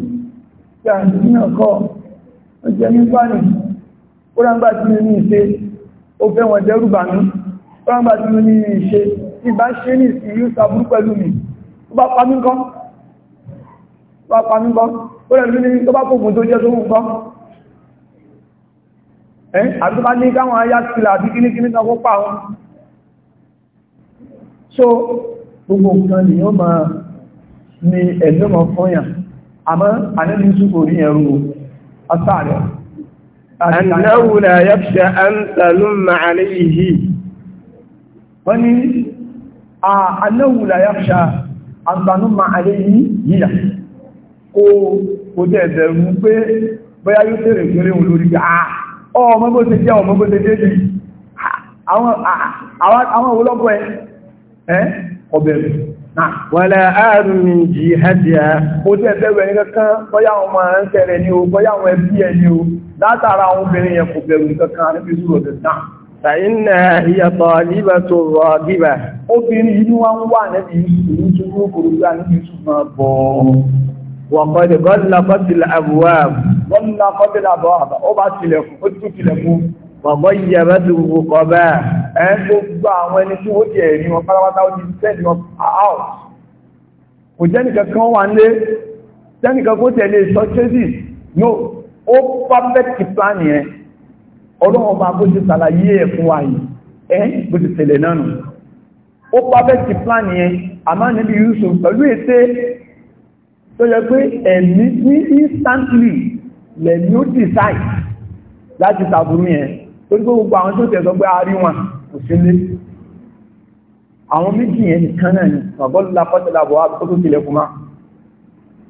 gbà nínú ọkọ̀ ó jẹ́ nípa nì ó ráńgbà tí mo ní ìṣe ó fẹ́ wọn dẹ́rù bà mí ó ráńgbà tí mo ní ìṣe tí bá ṣe ní ìyú mi ó bá pa mí kọ́ ó bá pa mí kọ́ ó rẹ̀ lórí tó bá kòkùn tó jẹ́ tó mú kọ́ ẹ́ àti bá ní káwọn ayá sílà àti kíníkíní kan kó pa wọn so gbogbo nǹkan ni ó máa ni ẹ̀lọ́mọ̀ fọ́yàn àmọ́ àníbi ìsúkò ní ẹ̀rù asáàrẹ̀ annahu la yakhsha an talumma alayhi wọ́n ni annahu la yakhsha an talumma alayhi yíyà kó kò jẹ́ ẹ̀bẹ̀rún pé bóyá yóò tẹ̀rẹ̀ kéré òun lórí ọmọ bó ṣe jẹ́ ọmọ bó ṣe dé àwọn ológun were ààrùn ní jihadiya ó tí ẹ̀tẹ́wẹ̀ ní kankan bọ́yá wọn máa ń tẹ̀rẹ̀ ní o bọ́yá ẹbí ẹ̀ o látara obìnrin yẹn kò bẹ̀rù kankan níbi ìṣúrò tẹ̀tàn ṣàyínà ìyàtọ̀ níbà rọ̀ bíbà obìnrin yìí wọ́n wà Bàbọ́ ìyàbá ti gbogbo kọ bẹ́ẹ̀, ẹ ń gbogbo àwọn ẹni tí ó jẹ́ ẹ̀rí wọn pátápátá ó ti tẹ́lì wọn out. Kò jẹ́nìkan kan wà ń jẹ́nìkan kó tẹ̀lé sọ́chẹ́sì, no, ó pàfẹ́kì plan yẹn. Ọlọ́run bá bó ti ṣàlàyé ẹ̀ fún wa yìí, ẹ́ bó ti tẹ̀lé náà nù. Ó pàfẹ́kì plan yẹn, àmá níbi Yusuf pẹ̀lú ète tó yẹ pé ẹ̀mí ní instantly lẹ̀mí ó decide láti tàbùrú yẹn torí pé gbogbo àwọn tó tẹ̀ sọ pé a rí wọn kò sílé àwọn méjì yẹn nìkan náà ni ọ̀gọ́lù lápọ́tẹ̀lá bọ̀ wá tó tilẹ̀ kùmá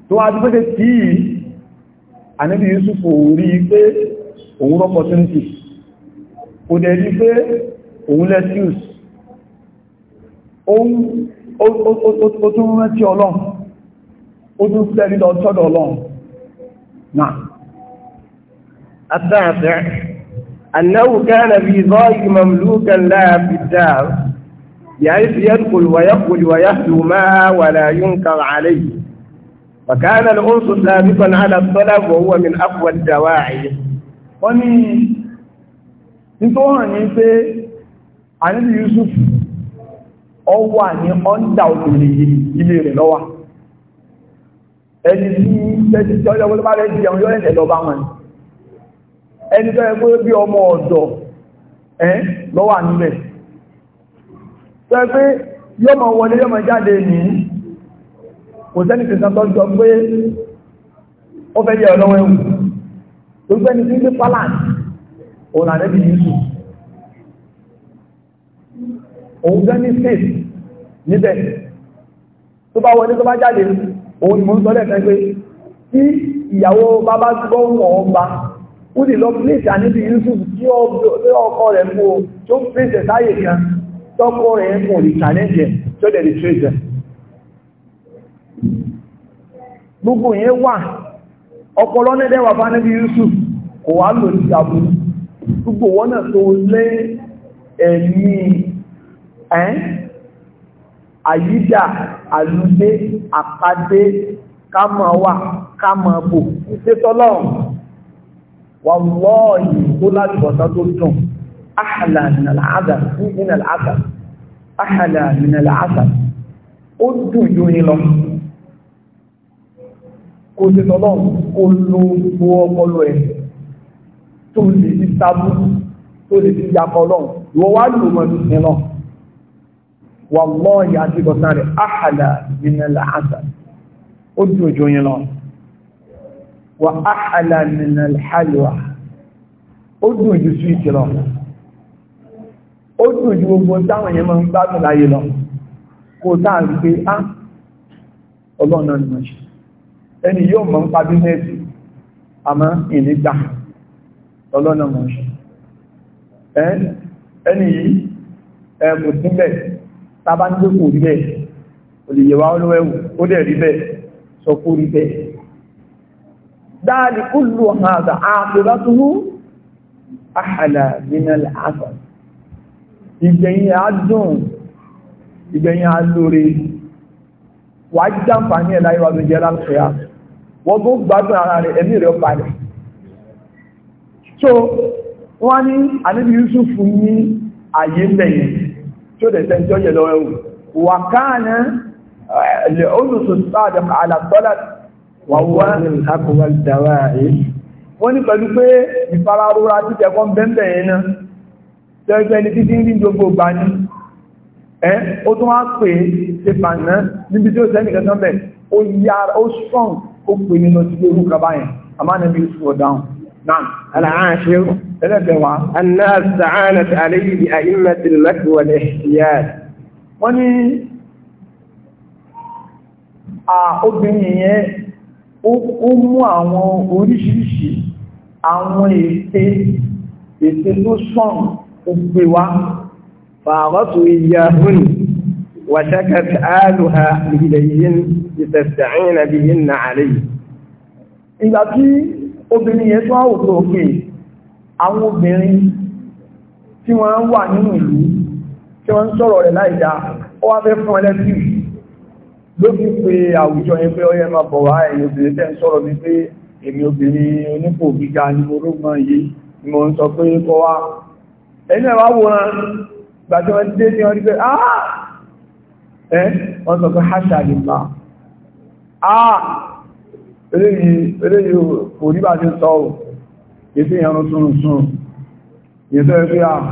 tó wá dúpẹ́ tẹ́ tí ànábì Yusuf rí pé òun rọ́pọ̀ tó ń tì kò dẹ̀ rí pé òun lẹ́tíùs ó tún rántí ọlọ́run ó tún tẹ́rí lọ sọ́dọ̀ ọlọ́run náà أنه كان في ظاهر مملوكا لها في الدار بحيث يدخل ويخرج ويخلو معها ولا ينكر عليه وكان الأنس سابقا على الطلب وهو من أقوى الدواعي ومن nítorí hàn ní pé àníbi Yusuf ọ wà ní ọ́ndà òkèlè ilé rẹ̀ lọ́wà ẹni tí tẹ́tí tí ọjọ́ gbọ́dọ̀ bá rẹ̀ jẹun yọ́rẹ̀ lọ́ba wọn ni ẹni tó yẹ pé bí ọmọ ọ̀dọ̀ ẹ́ lọ́wà nílẹ̀ tó yẹ pé yọ́ mọ̀ wọlé yọ́ mọ̀ jáde ní kò sẹ́ni kìsàn tó jọ pé ó fẹ́ jẹ́ ọlọ́wọ́ ẹ̀wù tó gbẹ́ ni sílé palace òun àdẹ́bì yìí òun gẹ́ ní state níbẹ̀ tó bá wọlé tó bá jáde òun ni mo ń sọ lẹ́ẹ̀kan pé tí ìyàwó bàbá gbọ́ wọn ọba ó lọ lọ pléṣì àníbi Yusuf tí ọkọ rẹ̀ mú o tó ń pléṣì sáyè kan tọ́kọ rẹ̀ mú òní challenge tó dẹ̀ lè gbogbo yẹn wà ọpọlọ náà dẹ́wà bá níbi Yusuf kò wá lò sí gbogbo tó lé ẹ̀mí àlúdé wà wàlọ́ọ̀yì tó láti bọ̀sá tó dùn áhàlà mìnàlàásà ó dùn yóò ní lọ kò sí tọ́lọ́ kò ló gbó ọpọlọ ẹ̀ tó lè fi sábú tó lè fi rẹ̀ áhàlà mìnàlàásà ó dùn yóò ní lọ wà áhàlà nínú ìhàlùwà ó dùn ju sweet lọ ó dùn ju gbogbo táwọn èèyàn máa ń gbádùn láyé lọ kò táà rí pé á ah, ọlọ́run náà ni wọ́n ṣe ẹni yóò mọ̀ ń pa bímẹ́sì àmọ́ ìnígbà ọlọ́nà mọ̀ ṣe ẹni yìí ẹ̀kù sílẹ̀ tàbá kò rí bẹ́ẹ̀ olùyẹ̀wà olówẹ́wù ó dẹ̀ rí bẹ́ẹ̀ sọ kó rí bẹ́ẹ̀ dáàlì kúlù ọ̀hàdà àpòlátúhú àhàlà nínàlì àtọ̀. ìgbẹ̀yìn àádùn ìgbẹ̀yìn àlórí wà jàǹfà ní ẹ̀lá ìwàdùn jẹ́ láàrín wọ́n tó gbádùn ara rẹ̀ ẹ̀mí rẹ̀ palẹ̀ so wọ́n ní àníbi Yusuf ní àyè lẹ́yìn tó dẹ̀ tẹ́jọ́ yẹ̀ lọ́wọ́ wà káà ní wàwọ́ àkọwà ìdáwà rẹ̀ wọ́n ní pẹ̀lú pé ìfararora títẹ̀ kan bẹ́ẹ̀bẹ̀ yẹn náà tẹ́gbẹ́ ní títí ní gbogbo gbà ní ẹ́ ó tún wá pè é ṣe fàná níbi tí ó sẹ́nì kankan bẹ̀ ó yára ó strong ó pè ní lọ sí ewu kaba yẹn àmá bí àìmẹ́tì lẹ́kùwẹ̀lẹ́ ó mú àwọn oríṣiríṣi àwọn ète ète tó sàn ó gbé wá fàárọ́tù ìyá hún wàṣẹ́kẹ̀t àálùhà ìlẹ̀yìn ìtẹ̀sẹ̀rin àbíyìn nà àlè ìgbà tí obìnrin yẹn tó àwòtò òkè àwọn obìnrin tí wọ́n wà nínú ìlú tí wọ́n sọ̀rọ̀ rẹ̀ láìdá ó wá fẹ́ fún ẹlẹ́tìrì ló fi pé àwùjọ yẹn pé ọyẹ́ máa bọ̀ wá ẹ̀yìn obìnrin tẹ́ ń sọ̀rọ̀ bí pé èmi obìnrin onípò gíga ni mo rú mọ́ yìí ni mo ń sọ pé kọ́ wá ẹni ẹ̀wà wòran gbàtí wọ́n dé ní ọdí pé ah ẹ́ wọ́n sọ pé hasha lè pa ah eléyìí kò rí bá ti sọ ò ètò ìyànrún sunrun sunrun ìyẹn tó yẹ pé ah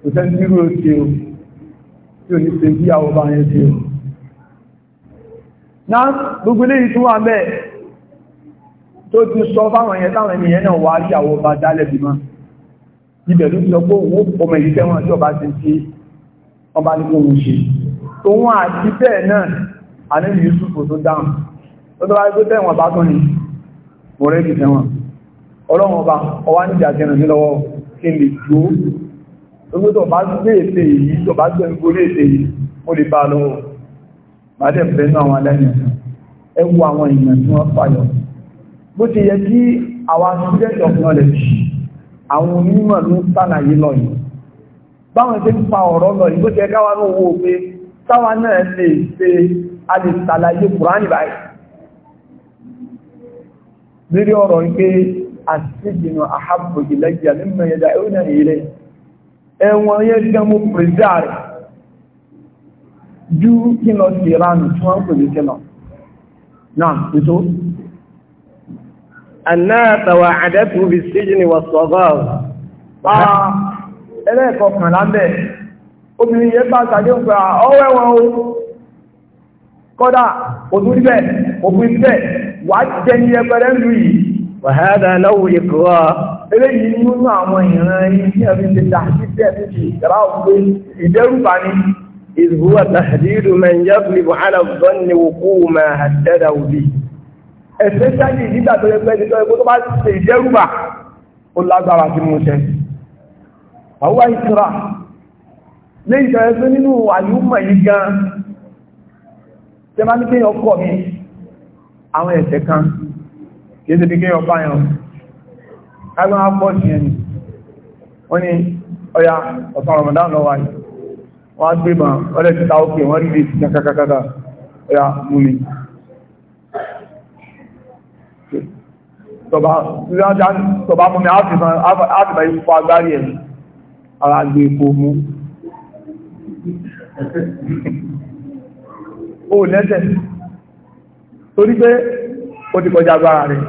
kò sẹ́ni tí ó ti o tí ò ní bá ti o náà gbogbo ilé ìtú wà mẹ́ tó ti sọ fáwọn èèyàn táwọn ènìyàn náà wà sí àwọn ọba dálẹ̀ bí mọ́ ibẹ̀ ló ti lọ pé òun ọmọ èyí tẹ́wọ̀n tí ọba ti ṣe ọba ní kò ń ṣe òun àti bẹ́ẹ̀ náà àníbi Yusuf tó dáhùn tó tó bá tó tẹ́wọ̀n bá tó ní mọ̀rẹ́ ti tẹ́wọ̀n ọlọ́run ọba ọwá ní ìjà tẹ́rùn nílọ́wọ́ kí n lè jó tó tó bá gbé ètè yìí tó bá gbé ń gorí ètè yìí ó lè bá bàdẹ̀ fẹ́ náà wọn lẹ́yìn ẹ wo àwọn èèyàn tí bó ti yẹ kí àwọn onímọ̀ ló ń sàlàyé lọ yìí báwọn ti ń pa ọ̀rọ̀ lọ yìí bó ti yẹ káwa náà pé táwa náà lè ṣe a lè sàlàyé Kùránì báyìí lórí ọ̀rọ̀ pé ìlẹ́jà ẹ̀wọ̀n yẹn pèsè ju kí lọ sí ìranù tí wọ́n pè ní kí lọ náà ètò annáà tàwà àdẹ́tù bí síjìnì wà sọ́gọ́rù ẹlẹ́ẹ̀kọ̀ọ̀kan lábẹ́ obìnrin yẹ bá sàdé ń pẹ́ ọwẹ́wọ̀n o kọ́dá òtún bẹ́ òfin bẹ́ wà jẹ́ ní ẹgbẹ̀rẹ́ ìlú yìí wàhádà lọ́wọ́ ìkọ́ eléyìí nínú àwọn ìran yìí ní ẹ̀rí ti dà sí إذ هو تهديد من يغلب على الظن وقوع ما هدده به especially nígbà tó yẹ pé ẹni tó yẹ kó tó bá ṣe ìdẹ́rùbà ó lágbára sí mú ṣe àwọn ìṣúra lẹ́yìn tó yẹ pé nínú àyúmọ̀ yìí gan tẹ máa ní kí èèyàn kọ̀ mí àwọn ẹ̀ṣẹ̀ kan kì í bí kí èèyàn báyàn kágbọ́n á pọ̀ wọ́n ní ọya ọ̀sán Ramadan lọ́wọ́ yìí wọ́n gbé ma ọlẹ́ ti ta ókè wọ́n rí lè ti kàkàkàkà ya múmi tọba múmi áfìmá ikú agbárí ẹ̀ ara gbé epo mú o lẹ́sẹ̀ torí pé ó ti kọjá agbára rẹ̀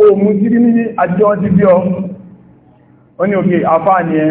o mú sí ní àjọ́ ti bí ọ wọ́n ni òkè àfáà ni ẹ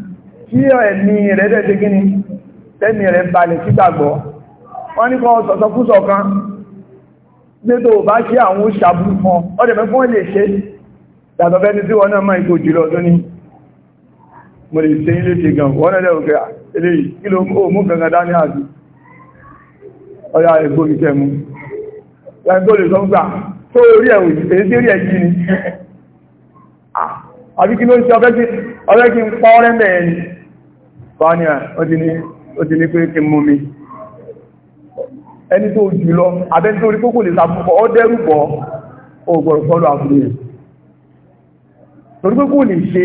tí ẹ̀mí rẹ̀ dẹ̀dẹ̀ gíní tẹ́mì rẹ̀ balẹ̀ sí gbàgbọ́ wọ́n ní kọ́ sọ̀sọ̀ fúsọ̀ kan nítorí bá ṣe àwọn òṣàbùrù fún ọdẹ̀ fún lè ṣe dàtọ̀fẹ́ ní tí wọ́n náà máa mo lè ṣe ilé ṣe gan wọ́n lẹ́lẹ́ òkè ilé ìlú òmú gangan dání àti ọya ẹgbó ìkẹ́ mú ẹgbó lè sọ́gbà tó orí ẹ̀wù èyí tí orí ẹ̀ jí ni ah, àbí kí ló ń ṣe ọfẹ́ kí ń pọ́ rẹ́mẹ̀ẹ́ fáníà ó ti ní pé kí mú mi ẹni tó jù lọ abẹ́ni tó rí kókò lè sàpùpọ̀ ọ dẹ́rùpọ̀ ògbọ̀rọ̀ fọ́lọ̀ àbúrú rẹ̀ torí pé kò lè ṣe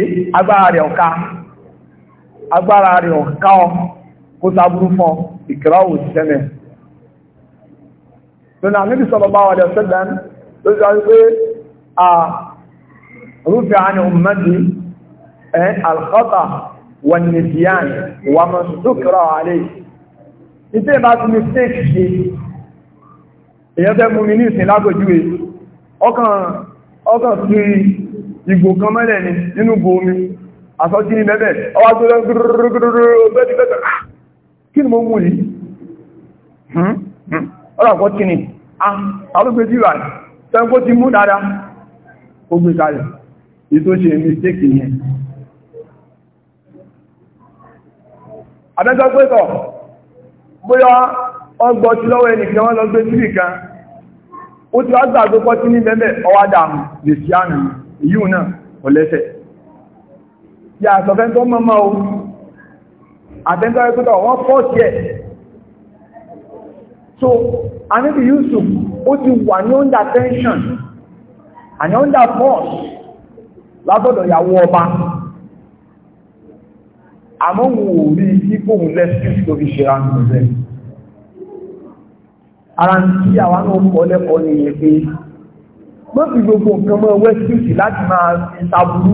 agbára rẹ̀ ọ̀ká kó sáburú fún ìkìráwò sẹ́mẹ̀ lọ́nà àmì wọ́n ní síyàn wọ́n mọ̀ sókèrè àárẹ̀ ìdí ìbá tún ní fake ṣe èyàn fẹ́ mú mi ní ìsìn lágbòjúwe ọkàn ọkàn sí ìgbò kan mẹ́lẹ̀ ni nínú bò omi àsọ́jí ní bẹ́bẹ̀ ọwá tó lọ gbẹ̀rẹ̀gbẹ̀rẹ̀ ah! kí ni hmm? Hmm? ni ah! àbẹ́sọ́ pé tọ̀ bóyá wọ́n gbọ́ sí lọ́wọ́ ẹnìkan wọ́n lọ gbé síbì kan ó ti wá gbàgbé pọ́ sí ní bẹ́ẹ̀ ọwá dàmù lè sí àmì ìyú náà kò lẹ́sẹ̀ yà sọ̀fẹ́ tó mọ́mọ́ o àbẹ́sọ́ pé tọ̀ wọ́n fọ́ sí ẹ̀ so anibi Yusuf ó ti wà ní under tension under force látọ̀dọ̀ ìyàwó ọba àmọ́ wò rí ipòhùn lẹ́sìs tó fi ṣe ránù rẹ̀. ara ń tí àwọn náà kọ́ lẹ́kọ̀ọ́ ní iye pé mọ́ fi gbogbo nǹkan mọ́ wẹ́sìs láti máa fi taburú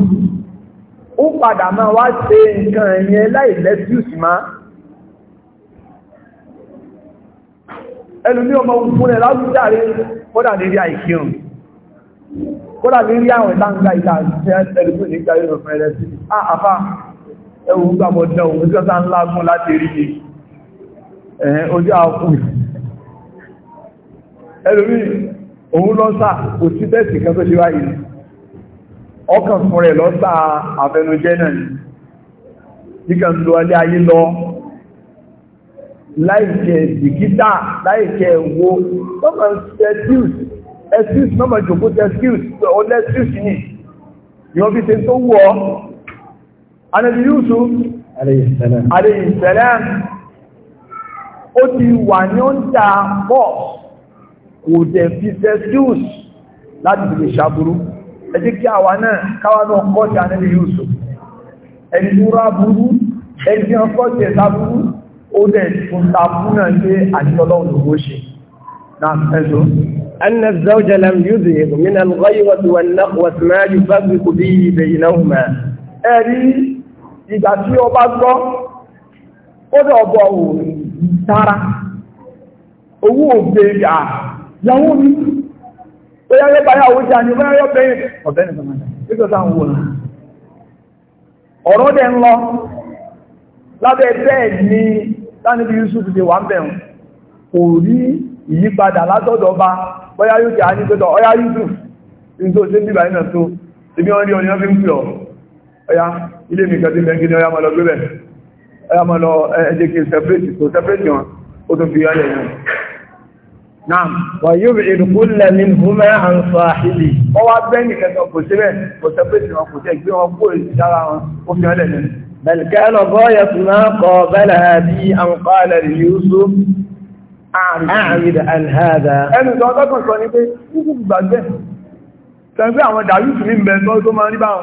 ó padà máa wá ṣe nǹkan ẹ̀yẹn láì lẹ́sìs má ẹlùmí ọmọ òfin rẹ̀ láwùjáre kódà lérí àìkírùn kódà lérí àwọn ìlànà ìlànà ìṣẹ́ ẹlùmí nígbà yóò fẹ́ rẹ̀ sí àfáà ẹwù gbàmọ̀ dán òun tí ọ́ta ńlá gún láti rí ní ẹ̀hẹ́n ojú àkù ẹlòmí òun lọ́sà kò sí tẹ́sì kan tó ṣe wáyé ọkàn fún rẹ̀ lọ́sà àfẹnujẹ́ náà ni kíkà ń lo alẹ́ ayé lọ láìkẹ́ dìkítà láìkẹ́ wo mọ́mọ̀ excuse excuse mọ́mọ̀ jòkó excuse ọlẹ́sìkìsì ni yọ́ bí ṣe tó wọ́ Ànábì Yusuf alayhi salam ó ti wà ní ó ń ta bọ́ọ̀sì kò dẹ̀ fi fẹ́síùs láti lè ṣàbúrú ẹjí kí àwa náà káwà náà kọ́tí Ànábì Yusuf ẹni múra burú ẹni tí wọ́n kọ́tí ẹ̀ta burú ó dẹ̀ fún ta fún náà lé àjọlọ́run أن الزوج لم يذهب من الغيوة والنقوة ما يفرق به بينهما أريد ìgbà tí ó bá gbọ́ ó dọ̀bọ̀ òtara owó òfin e, ìyà yàwó mi ó yá yẹ́bà yàwó jà ní ọmọ yọ́ bẹ́yìn ọ̀bẹ́ nìkan mọ́ta nígbà tá à ń wò náà ọ̀rọ̀ dẹ̀ ń lọ lábẹ́ bẹ́ẹ̀ ni tánibí Yusuf ti wà ń bẹ̀rùn kò rí ìyípadà látọ̀dọ̀ bá bọ́yá yóò jẹ́ àníkọ́tọ̀ ọ̀yá Yusuf ní tó ṣe bíbà nínú tó ibi wọn rí ọ ọya ilé mi kẹtí bẹ́ńkì ní ọya mọ́ lọ gbé bẹ̀ ọya mọ́ lọ ẹjẹ́ kí separate tó separate wọn ó tún fi ọlẹ̀ yẹn náà wà yóò rí ìdúkúnlẹ̀ ní búmẹ́ àǹfà ìlì wọ́n wá bẹ́ẹ̀nì kẹtọ̀ kò síbẹ̀ kò separate wọn kò tẹ́ gbé wọn kó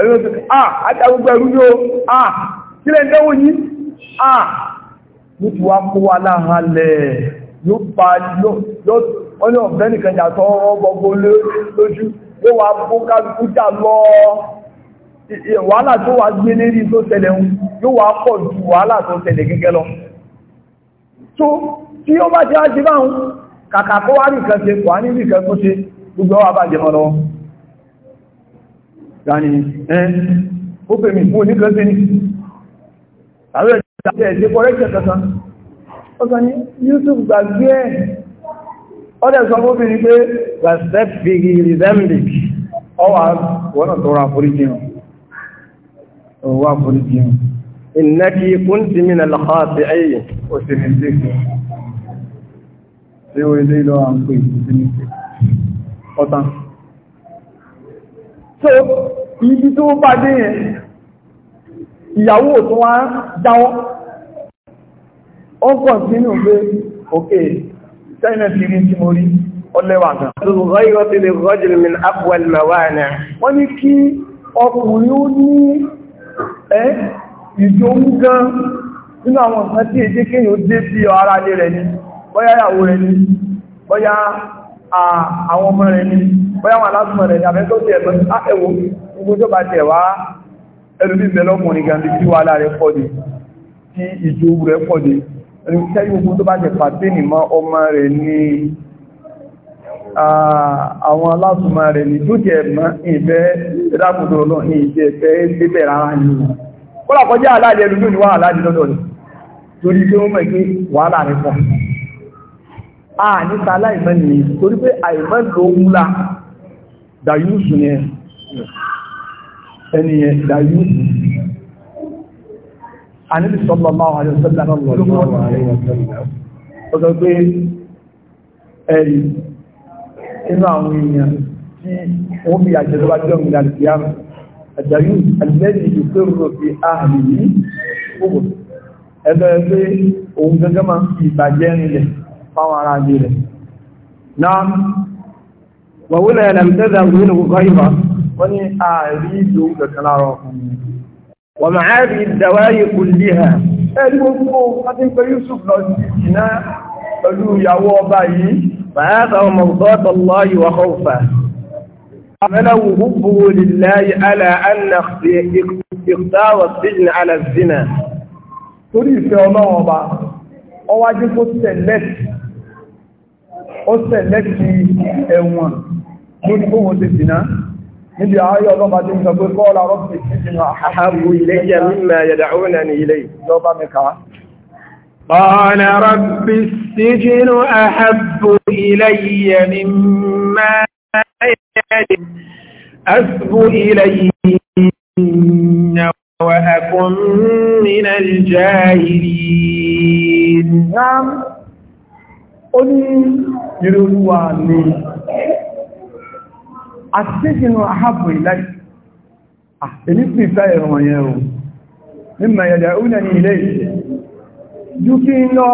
ẹ̀rọ tó ah àtàgbogbo ẹ̀rú yóò ah kílẹ̀ ìdánwò yìí ah ní ti wá kó wá láhàlẹ̀ yóò bá lọ́nà ọ̀fẹ́ nìkan jà tọ́ ọ̀rọ̀ gbogbo lójú yóò wá bó kálukú jà lọ wàhálà tó wá gbé lérí tó ṣẹlẹ̀ ń yóò wá pọ̀ ju wàhálà tó ṣẹlẹ̀ dání ẹ́ ó pè mí fún oníkẹ́sí ní àwọn ẹ̀jẹ̀ ẹ̀jẹ̀ kọ́rẹ́kẹ̀ kankan ó sọ ní Yusuf gbàgbé ẹ̀ ó dẹ̀ sọ fún mi pé gbàsẹ́ fìgì rìzẹ́mbìk ọwà wọ́nà tó ra foríjì hàn ọwà foríjì hàn ìnáki kúntì mí ọ̀tán tó ibi tó bá dé yẹn ìyàwó tó wá dáwọ́ ó ń pọ̀ sínú pé òkè china ti rí tí mo rí ọlẹ́wà kan. Rọ́yọ́ ti lè rọ́jìlì mi àpùwẹ̀lì màwáàna. Wọ́n ní kí ọkùnrin ó ní ẹ́ ìjọ ń gan nínú àwọn nǹkan tí èdè kéyàn dé sí ara lé rẹ̀ ni, bọ́yá ìyàwó rẹ̀ ni, bọ́yá àwọn ọmọ rẹ̀ ni, bóyá wọn aláàtúmọ̀ rẹ̀ ní abẹ́ tó tẹ̀ lọ ah, ẹ̀wọ̀ gbogbo tó bá tẹ̀ wá ẹlùmí mẹ́lọ́kùnrin gan tí wà láàrẹ pọ̀dé tí ìjò rẹ̀ pọ̀dé ẹlùmí gbogbo tó bá tẹ̀ pàtẹ́nì mọ́ ọmọ rẹ̀ ní ah, àwọn aláàtúmọ̀ rẹ̀ ní tó tẹ̀ mọ́ ìfẹ́ ìdákùnrin ní ìfẹ́ ni wà aláàrẹ lọ́dọ̀ rẹ̀ torí pé dàyúùsù ni ẹni yẹn dàyúùsù àníbi sọ́lọ́ máa wà ní ọ̀sẹ́lẹ̀ náà lọ́wọ́ ọ̀sọ̀ pé ẹ̀rì inú àwọn èèyàn tí wọ́n fi àjẹ́lọ́wà jọ ìrìn àdìyàmù àjàyù àlẹ́lì ìfẹ́rò fi ààrì gẹ́gẹ́ máa ń fi fáwọn ará ilé rẹ̀ náà wàhúnà ẹ̀lẹ́mtẹ́dà nínú gọ́ìbà wọ́n ní ààrí ìjò kankan lára ọkùnrin wà máa rí ìdàwáyé kò lè hà ẹni gbogbo láti pé Yusuf lọ sí ìná pẹ̀lú ìyàwó ọba yìí bàáta ọmọ ọ̀dọ́tọ̀ ó sẹ̀lẹ́kì ẹ̀wọ̀n tó ní kóhun ti dìná níbi ayé ọlọ́pàá tí ń sọ pé kọ́ọ̀lá rọ́pì ìjìnà àhàbù ilé yẹ mímọ̀ yẹ̀dàúnà ní ilé lọ́bá mẹ́ka قال رب السجن أحب إلي مما يدعون أسب إليهن وأكن من الجاهلين نعم ó ní ìrọlúwà ní àtìsínú àhábò ìláì èmi sì fẹ́ ìrọ̀wọ̀n yẹn o mímọ̀ ẹ̀dẹ̀ òun ní ilé ju kí n lọ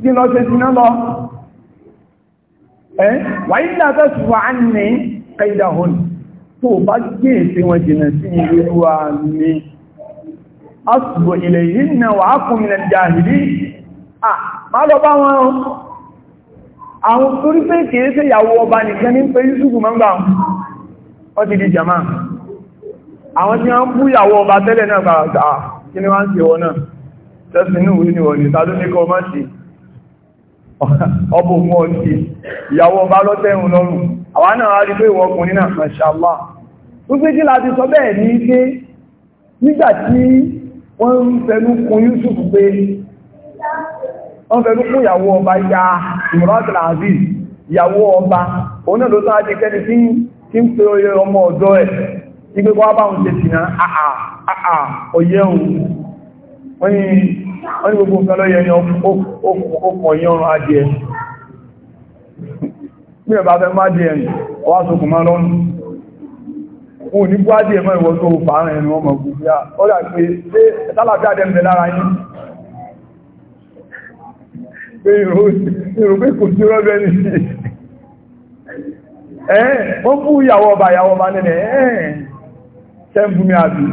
kí n lọ ṣe síná lọ ẹ́ wàí látọ́ ṣùgbà á ní kẹ́ìdà hùn tó bá gbé èsì wọn jìnà sí ìrọlúwà ní asùgbò ilẹ̀ yìí náà wà á máa lọ bá wọn àwọn torí pé kìí ṣe ìyàwó ọba nìkan ní pé Yúsùfù mẹ́gbà wọ́n ti di jama àwọn tí wọ́n bú ìyàwó ọba tẹ́lẹ̀ náà gbà kí ni wọ́n ń ṣe wọ́n náà tẹ́sìnú ní wọ́n ní tàbí ní ìwọ̀n ọkùnrin wọ́n ń fẹnu wọ́n fẹ́ ló fún ìyàwó ọba ya ìmúrátìlá ìyàwó ọba oní ló sáájẹ́ kẹ́ni tí ń pè oyè ọmọ ọ̀dọ́ ẹ̀ tí pé kọ́ bá ń ṣe tìna àà ọ̀yẹ́ òun wọ́n ni gbogbo nǹkan lọ́yẹ ni ọkọ̀ adìẹ bí ẹ̀bá fẹ́ má dìẹ nì ọwá sókùn má lọ́nù pé irun pé kò sí rọ́bẹ̀ ní sí ẹ́ wọ́n fún ìyàwó ọba ìyàwó ọba nílẹ̀ ẹ́ tẹ́m̀bù àbí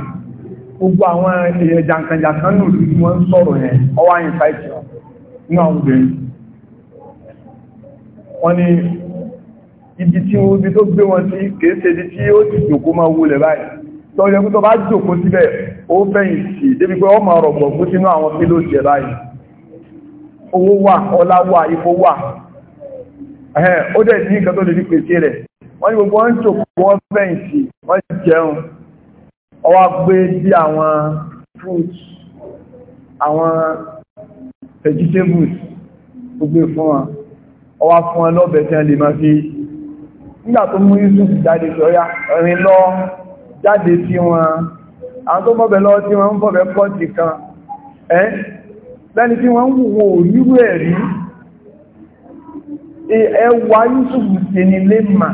gbogbo àwọn èèyàn jàǹkànjàǹkàn ní òlú wọ́n sọ̀rọ̀ ọwá yìí wọ́n ni ibi tí wọ́n tó gbé wọn sí tí ó ti jòkó máa wulẹ̀ báyìí tọ́jọ́ owó wà ọlá wà ipò wà ẹ̀hẹ́ ó dẹ̀ ní nǹkan tó lè ní pèsè rẹ̀ wọ́n ní gbogbo wọ́n ń tòkù wọ́n fẹ̀yìntì wọ́n jẹun ọwá gbé bí àwọn fruits àwọn vegetables gbogbo fún wọn ọwá fún wọn lọ́bẹ̀ tí wọ́n lè máa fi nígbà tó mú Yusuf jáde sọ́yá ẹ̀rin lọ jáde sí wọn àwọn tó mọ́bẹ̀ lọ sí wọn ń bọ̀bẹ̀ pọ́ọ̀tì kan ẹ́ lẹ́ni tí wọ́n ń wò níwò ẹ̀rí ẹwà Yúsùfù sí ni lè mà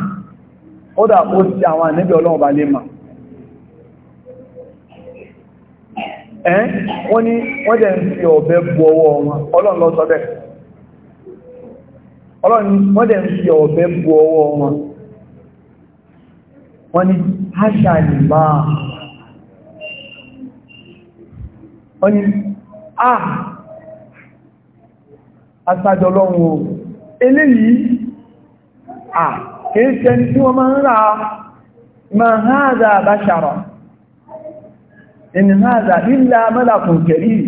ó dà ó sí àwọn ànẹ́bí ọlọ́run bá lè mà ẹ́ wọ́n ni wọ́n jẹ́ fi ọ̀bẹ bu ọwọ́ wọn ọlọ́run lọ sọ́bẹ̀ wọ́n jẹ́ ń fi ọ̀bẹ bu ọwọ́ wọn wọ́n ni ah asájọ lọ́run o eléyìí à kìí ṣe ẹni tí wọ́n máa ń ra mahaza bashara in haza illa malakun karim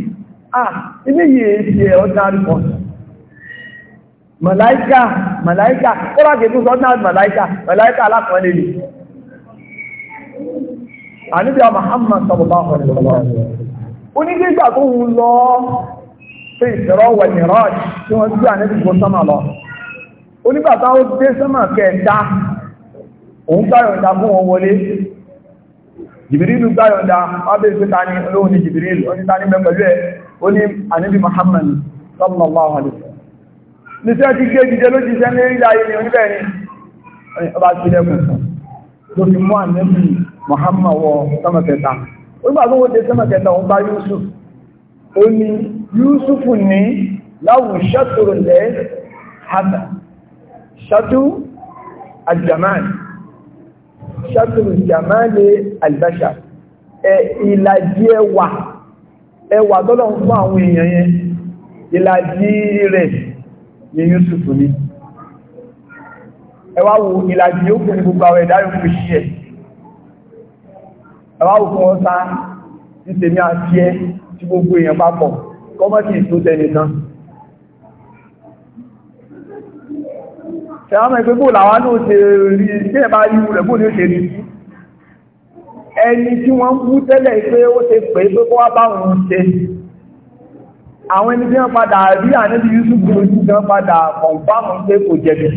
à eléyìí èsì ẹ̀ ordinary person màláíkà màláíkà kọ́lá kìí ordinary màláíkà màláíkà tó ń lọ pé ìṣẹ̀rọ wẹ̀ mìíràn tí wọ́n gbé àníbi gbó sọ́mà lọ. onígbàtà ó dé sọ́mà kẹta òun gbáyọ̀ǹda fún wọn wọlé jìbìrìlù gbáyọ̀ǹda ábẹ́ ìpẹta ní olóhun ní jìbìrìlù ó ní ta ní pẹ̀lú ẹ̀ ó ní àníbi Muhammad sallallahu alaihi wasallam níṣẹ́ ti gé jíjẹ ló jíṣẹ́ ní ilé ayé ni oníbẹ̀rin ọba sílẹ̀kùn tó fi mú àníbi Muhammad wọ sọ́mà kẹta onígbàtà ó dé sọ́mà kẹta òun Yusuf ó ní Yúsùfù ní láwù ṣàtòrò lẹ́ hàtà ṣàtò aljamal ṣàtòrò aljamal albashar ẹ ìlàjí ẹwà ẹwà tọ́lọ̀ ń fún àwọn èèyàn yẹn ìlàjí rẹ̀ ni Yúsùfù ní ẹwà wo ìlàjí ó kún gbogbo àwọn ẹ̀dá yóò fi ṣí ẹ̀ ẹwà wo fún ọ́sá ní tèmi àti ẹ́ tí gbogbo èèyàn papọ̀ kọmọ́tì ìtútẹ́ nìkan ṣẹ̀wọ́n ẹgbẹ́ bó làwọn náà ṣe rí ṣe bá rí rẹ̀ bó ní ó ṣe rí sí ẹni tí wọ́n mú tẹ́lẹ̀ pé ó ṣe pẹ̀ pé kó wá bá wọn ṣe àwọn ẹni tí wọ́n padà rí àníbi Yusuf lójú tí wọ́n padà kọ̀ǹfàmù pé kò jẹ̀bi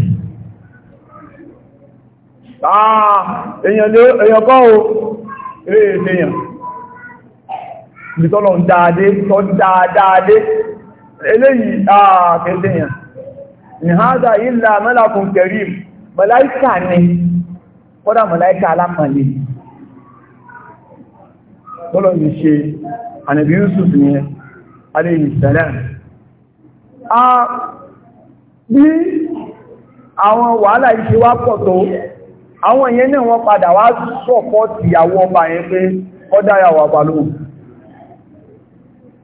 ah, èèyàn kọ́ o eré èèyàn ìtọ́lọ̀ ń dáadé tọ́ dáadáadé eléyìí ààkẹ́sẹ̀yàn ni hádà ìlà mẹ́làkùn kẹrìm màláíkà ni kọ́dà màláíkà alápàlẹ̀ tọ́lọ̀ yìí ṣe ànàbí Yusuf ni alayhi salam a bí àwọn wàhálà iṣẹ́ wá pọ̀ tó àwọn ìyẹn náà wọ́n padà wá sọ́pọ̀ tìyàwó ọba yẹn pé kọ́dá yàwó àbálòmù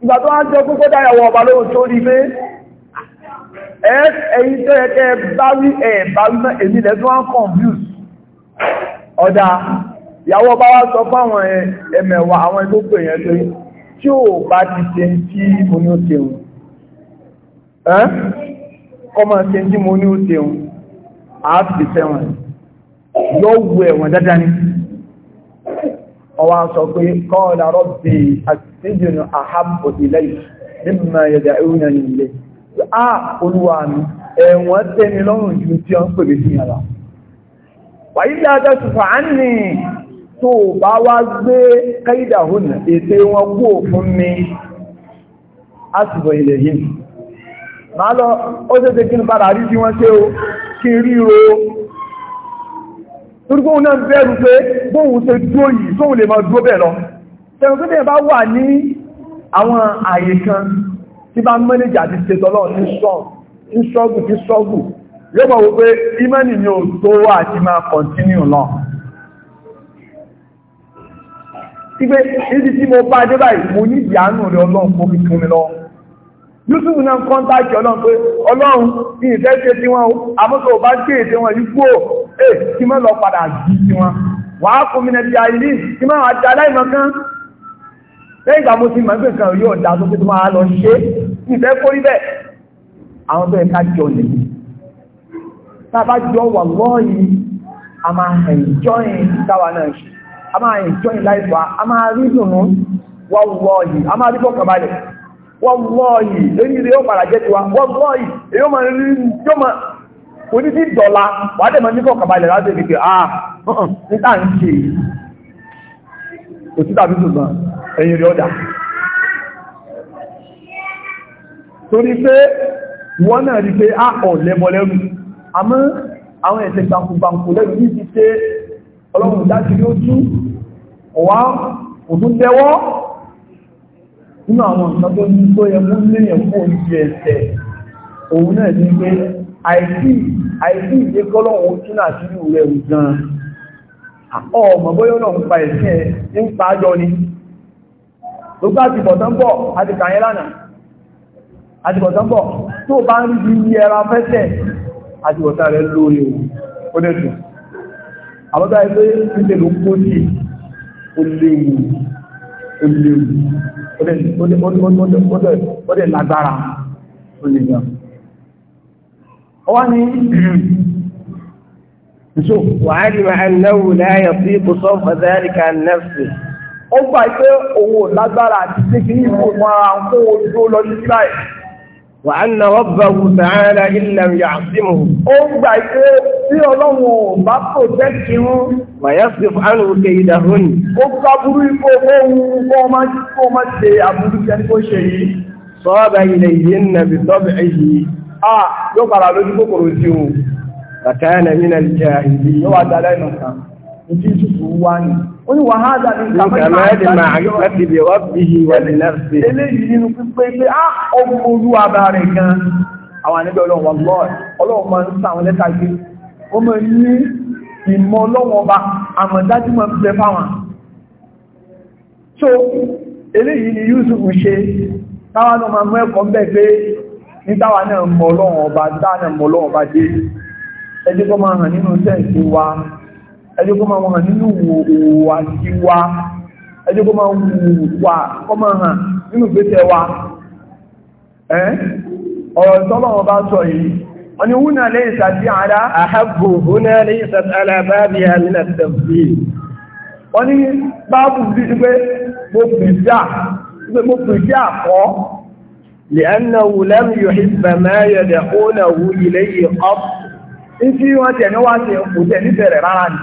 ìgbà tó ń jọ fún kó dáyàwó ọba lóhun tó rí pé ẹ̀yìn tó ẹ̀kẹ́ bá rí ẹ̀ bá rí náà èmi lẹ́ tó ń confuse ọ̀dá ìyàwó ọba wá sọ fún àwọn ẹ̀mẹ̀wà àwọn ìgbógbò èèyàn pé tí ò bá ti ṣe tí mo ní ó ṣeun kọmọ ṣe tí mo ní ó ṣeun á fi fẹ́wọ̀n yọ́ wù ẹ̀wọ̀n dáadáa ni ọwá sọ pé kọ́ọ̀lá rọ́bì àtijìnà àhábò ilẹ̀ nígbà yẹ̀dà ìrìnà nílé a olúwa mi ẹ̀wọ̀n tẹ́ni lọ́rùn ju tí ó ń pè bí síyàrá wàyí dáadáa ṣùfà á nì tó bá wá gbé káìdà hùn ètè wọn kúò fún mi àtìbọ̀ ilẹ̀ yìí máa lọ ó tẹ́ torípé òun náà bẹ̀rù pé bóhun ṣe dúó yìí tóhun lè máa dúó bẹ̀ lọ tẹ̀rù pé bá wà ní àwọn àyè kan tí bá mẹ́lẹ̀jà ti ṣe tọ́lọ́ ní ṣọ́gù tí ṣọ́gù yóò mọ̀ wípé ìmẹ́ni ni ò tó wà àti máa kọ̀ntínú lọ Ibé, ìdí tí mo bá dé báyìí, mo ní ìyánú rẹ̀ ọlọ́run Yusuf náà kọ́ntáàkì ọlọ́run pé ọlọ́run ní ìfẹ́ ṣe tí wọ́n àmọ́sọ̀ bá ṣe èdè wọn yípo ẹ̀ kí mọ́ lọ padà jí sí wọn wà á kó minẹ̀ di àìlì kí mọ́ àti aláìmọ̀kan lẹ́yìn ìgbà mo ti mọ̀ pé kan yóò dá tó pé tó máa lọ ṣe ìfẹ́ kó rí bẹ́ẹ̀ àwọn bẹ́ẹ̀ ká jọ lè tábà jọ wà lọ́ọ̀yì a máa ẹ̀jọ́yìn táwa náà ṣe a máa ẹ̀jọ́yìn láìpẹ́ a máa rí dùnú wà lọ́ọ̀yì a máa rí wọ́nlọ́ọ̀yì lórí ilé ọ̀pàdà jẹ́ tiwa wọ́nlọ́ọ̀yì èyí ma rí jọmọ̀ onídí dọ̀la wà dẹ̀ ma ní kọ̀kàbalẹ̀ láti rí pé àà ah, níta ń ṣe òtítà bí ṣùgbọ́n ẹ̀yìn rí ọ̀dà torí pé wọ́n náà rí pé àkọ̀ ah, lẹ́bọ̀ lẹ́rù àmọ́ àwọn ẹ̀sẹ̀ gbàǹkùgbàǹkù lẹ́rù ní ti ṣe ọlọ́run dájú yóò tún ọ̀wá òtún tẹ́wọ́ nínú àwọn nǹkan tó ní tó yẹ mú léèyàn fún ojú ẹsẹ̀ òun náà ní pé àìsí àìsí ìdé kọ́lọ́hún tún àti ìlú rẹ̀ gan ọmọ bóyá náà ń pa ẹ̀sìn ẹ̀ ń pa ájọ ni gbogbo àti bọ̀tán bọ̀ àti kàyẹ́ lánàá àti bọ̀tán bọ̀ tó bá ń rí bí ẹra fẹ́sẹ̀ àti bọ̀tá rẹ̀ lórí o nẹ́tù àbọ́tá ẹgbẹ́ ìpínlẹ̀ ló kó sí ó ó dẹ̀ lágbára ó láyé sí Ó gbà pé lágbára àti wà á na wọ́n bá wù sàárà ilẹ̀ yàtìmù. ó gbà pé tí ọlọ́run ò bá kò tẹ́kì wọn wàyà sí fánù òkè ìdáhùn ni. ó gbà burú ipò ohun kó má kó má ṣe àbúrú jẹ́ kó ṣe yìí. sọ́ọ́bà ilẹ̀ yìí ń nàbì sọ́ọ̀bì yìí. a yóò padà lójú kòkòrò sí o. bàtà ẹ̀ nà mí nà lè jẹ́ àìsí yóò wá dalẹ́ nù kan. ojú ìtùtù wá nìyí ó ní wàhálà ní kàmáàdì màáyọ́tì bí rọ́bìhì wà ní lẹ́fẹ̀. eléyìí nínú pípé pé á ọmọ olú ara rẹ̀ gan àwọn àníbẹ̀ ọlọ́run ọlọ́ ọlọ́run máa ń sá àwọn lẹ́tà gbé ó máa ń ní ìmọ̀ ọlọ́run ọba àmọ̀dájú máa ń bẹ fáwọn. so eléyìí ni Yusuf ṣe táwọn náà máa mú ẹ̀kọ́ ń bẹ̀ pé ní táwọn náà mọ̀ ọlọ́run ọba táwọn náà mọ̀ ọlọ́run ọba dé ẹjẹ́ kọ́ máa hàn nínú sẹ́ǹsì wa ẹjọ́ kó máa wọ̀n nínú wà sí wa ẹjọ́ kó máa wà kọ́ máa hàn nínú gbéṣẹ́ wa ẹ́ ọ̀rọ̀ tọ́lọ́wọ́ bá sọ yìí wọ́n ni wúnà lè ìsàtí àdá àhábù wúnà lè ìsàtí alábábí àmìnà tẹ̀fì wọ́n ni báàbù sí pé mo pèsè àkọ́ لأنه لم يحب ما يدعونه إليه قط. إن في وقت يعني وقت يقول لي بيري راني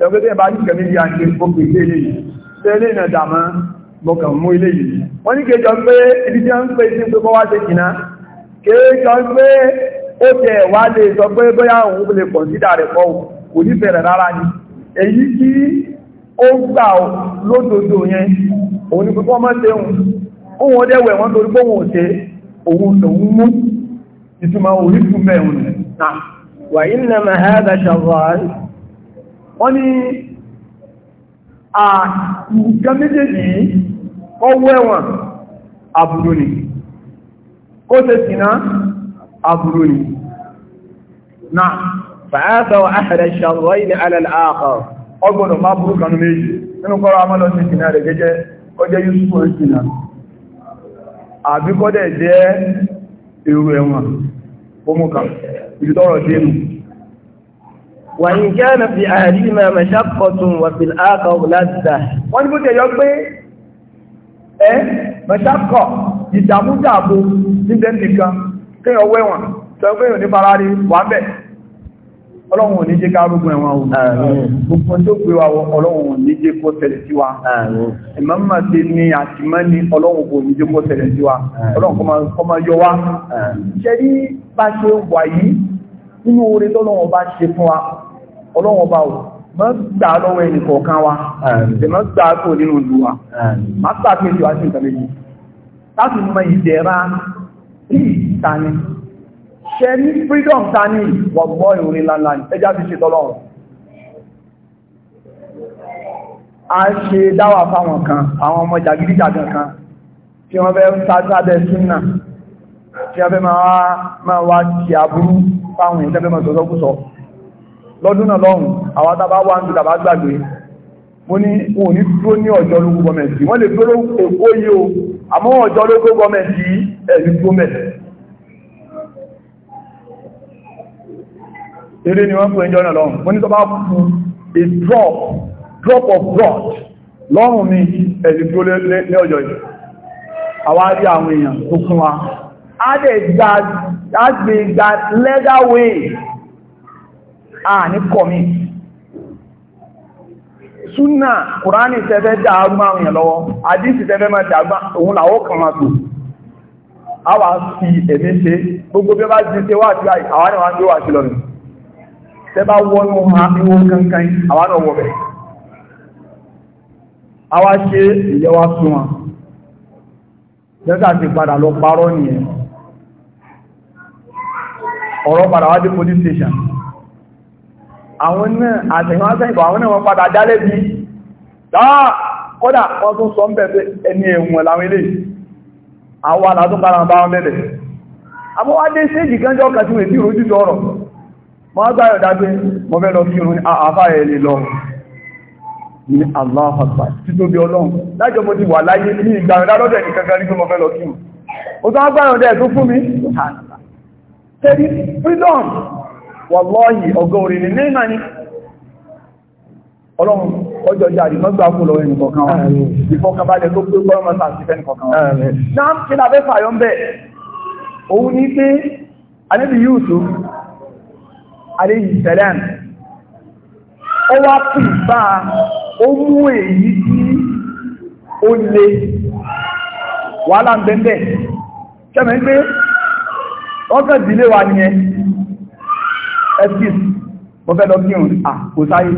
ẹgbẹ́gbẹ́ bá ní kẹ̀mí bí a ṣe gbogbo ilé yìí tẹ́lé ìnà dàmá mọ́kàn mú ilé yìí wọ́n ní kéjọ pé ibi tí a pè sí pípọ́ wá jìnà kéjọ pé ó tẹ̀ wá lè sọ pé bóyá òun lè pọ̀ sí dàrẹ̀ pọ̀ kò ní bẹ̀rẹ̀ rárá ni èyí tí ó gbà lódodo yẹn òun ni pípọ́ mọ́ ṣe òun òun ó wọ́n torí bóun ò ṣe òun lòun mú ìtumọ̀ orí fún mẹ́rin náà wà ní nàmà ṣàwọ́ wọ́n ní nǹkan méjèèjì ọwọ́ ẹ̀wọ̀n àbúrò ni kó tẹ́ sínà àbúrò ni na fàáta wa ṣàrọ̀ ilẹ̀ alàlàáàkà ọgbọ̀nà máa burú kanú méjì nínú kọ́rọ̀ amọ́lọ sí sínà rẹ̀ gẹ́gẹ́ kọjẹ́ yusufu sínà وإن كان في أهلهما مشقة وفي الآخر لذة wọ́n ní bó tẹ̀yọ́ pé ẹ́ mẹ́ṣàkọ̀ ìdàmúdàbò níbẹ̀ nìkan kéèyàn wẹ́wọ̀n tó ẹgbẹ́ yóò ní fara rí wà bẹ̀ ọlọ́run ò ní jẹ́ kárógún ẹ̀wọ̀n ohun gbogbo tó gbé wa ọlọ́run ò ní jẹ́ kó tẹ̀lẹ̀ sí wa nínú oore tọ́lọ́wọ́n bá ṣe fún wa ọlọ́wọ́n bá wò mọ́ gbà lọ́wọ́ ẹni kọ̀ọ̀kan wa tẹ̀mọ́ gbà kò nínú ìlú wa má pàkíyèsí wa sí láti mọ ìdẹ̀ra tí ṣe ní freedom tani wọ̀gbọ́ ìròyìn lánlá ẹjá tí a fẹ́ máa wá ti àbúrú fáwọn ìjẹ́fẹ́ máa sọ́sọ́ kúsọ lọ́dún náà lọ́hùn àwọn tàbá wà ń tàbá gbàgbé mo ní wọn ò ní dúró ní ọjọ́ olóko gọọmẹ̀ntì wọ́n lè dúró èkó yìí o àmọ́ a drop drop of blood lọ́rùn ni ẹ̀rí dúró lé ọjọ́ yìí àwa rí àwọn èèyàn tó kún wa a that that gbé gba legal way a ní kọ̀mí súnà kùránì tẹ́fẹ́ dáagbà àwọn èèyàn lọ́wọ́ àdísì tẹ́fẹ́ máa dáagbà òun làwọ́ kan máa tó a wà fi ẹ̀mí ṣe gbogbo bí ó bá jí ṣe wà tí àwọn àwọn àwọn àwọn àti lọ́nà tẹ́bá wọnú àmìwò kankan àwọn àwọn ọwọ́ bẹ̀rẹ̀ a wá ṣe ìyẹwà súnmọ́ jẹ́ta ti padà lọ parọ́ nìyẹn ọ̀rọ̀ padà wá dé police station àwọn náà àtẹ̀yìn wá sẹ́yìn àwọn náà wọ́n padà dálé bí dáa kódà wọ́n tún sọ ń bẹ̀ẹ̀ ẹni ẹ̀wọ̀n láwọn ilé àwọn alàtún padà bá wọn bẹ̀rẹ̀ àmọ́wádé séjì kánjọ́ kàtí wèé tí rojú tọrọ wọ́n gbáyọ̀ dágbé mọ́ fẹ́ lọ kírun àfá ẹ̀ lè lọ ní Allahu Akbar títóbi Ọlọ́run lájọ́ mo ti wà láyé ní ìgbàrún lálọ́dẹ̀ ní kankan rí pé mọ́ fẹ́ lọ kírun ó tán gbáyọ̀ dẹ̀ tó fún mi tẹ́lí freedom wàlọ́yì ọgọ́ orin ní nínà ni ọlọ́run ọjọ́ jáde mọ́gbà kú lọ ẹnì kọ̀ọ̀kan wọn ìfọkànbalẹ̀ tó pé gbọ́rọ̀ mọ́ta sí fẹ́ nìkọ̀ọ̀kan wọn náà kí la fẹ́ fàyọ ń bẹ̀ òun ní pé anábì Yusuf alayhi salam ọkàn ìdílé wa ni ẹ ẹskis mo fẹ́ lọ kí òun à kò sáyé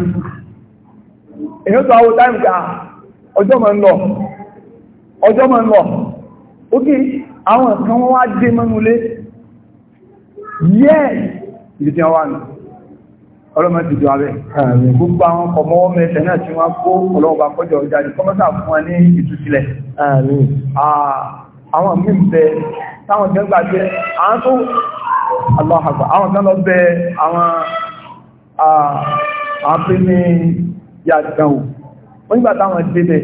èyí tó àwọn táìmù ká ọjọ́ mọ̀ ń lọ ọjọ́ mọ̀ ń lọ ókè àwọn kan wọ́n wá dé mọ́nulé yẹ́ ìdí tí wọ́n wà nù ọlọ́mọ ti jọ abẹ́ gbogbo àwọn kọmọwọ́ mẹ́sẹ̀ náà tí wọ́n kó ọlọ́ọ̀bà kọjọ ìjáde kọmọ́sà fún wọn ní ìtúsílẹ̀ àwọn mí táwọn kan gbà jẹ́ àwọn tó aláhàgbà àwọn kan lọ bẹ àwọn àpé ní yàtàwò wọ́n nígbà táwọn débẹ̀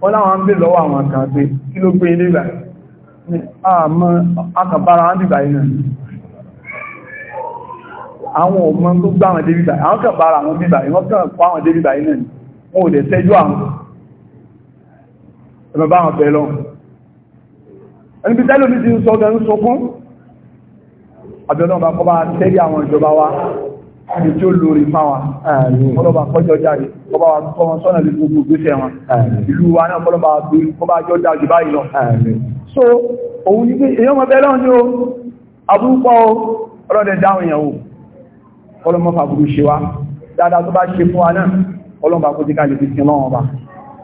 wọ́n láwọn ń bè lọ́wọ́ àwọn kan pé kí ló gbé ilé e ìgbà ní àmọ́ akàbára ń dìgbà iná àwọn ọmọ tó gbá àwọn débìbà àwọn kàbára àwọn bíbà ìwọ́n kàn kọ́ àwọn débìbà iná ni wọ́n ò dẹ̀ àwọn ẹ̀mọ̀ àwọn bẹ̀rẹ̀ lọ́wọ́ ẹnibi tẹ́lẹ̀ mi ti ń sọ ọdọ̀ ń sọ fún àbẹ̀lọ́bà kọba tẹ́lẹ̀ àwọn ìjọba wa ní tí ó lórí fáwa kọlọ́bà kọjọ jáde kọba wa kọ́ wọn sọ́nà lè gbogbo gbéṣẹ́ wọn ìlú wa náà kọlọ́bà kọba jọ dájú báyìí lọ so òun ní pé èyàn mọ̀bẹ́ lọ́n ní o abúrúpọ̀ ọlọ́dẹ̀ dáhùn èèyàn o kọlọ́mọ́ fàbúrú ṣe wa dáadáa tó bá ṣe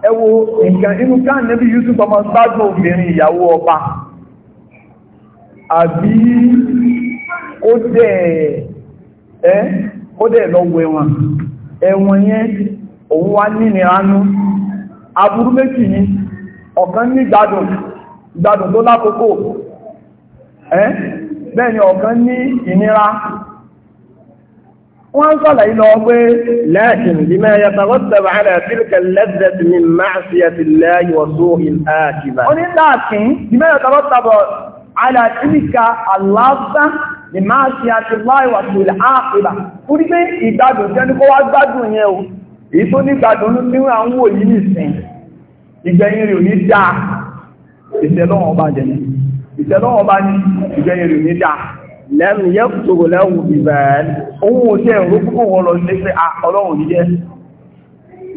ewu wo nǹkan inú ká níbi Yusuf ọmọ gbádùn obìnrin ìyàwó ọba àbí ó dẹ̀ ẹ́ ó dẹ̀ ẹ̀wọ̀n ẹ̀wọ̀n yẹn òun wá nínú aburú méjì ọ̀kan ní gbádùn tó lákòókò ẹ́ bẹ́ẹ̀ ni ọ̀kan wọ́n ń sọ̀lá yìí lọ pé lẹ́ẹ̀kìn bímọ ẹ̀yà tàbọ̀tàbà àlẹ́ àfíríkà lẹ́dẹ̀ẹ́dì mi máa fi ẹ̀sìn lẹ́yìn wọ̀sùn ìlàkìbà. ó ní láàkín bímọ ẹ̀yà tàbọ̀tàbà àlẹ́ àfíríkà aláàbá ni máa fi àti láìwà sí ilẹ̀ ní pé ìgbádùn jẹ́ lẹ́nu yẹ́ kòtòrò lẹ́wù ìbẹ̀ẹ́lì ohun òjì ẹ̀rọ púpọ̀ wọ́n lọ sí pé ah, ọlọ́run yíyẹ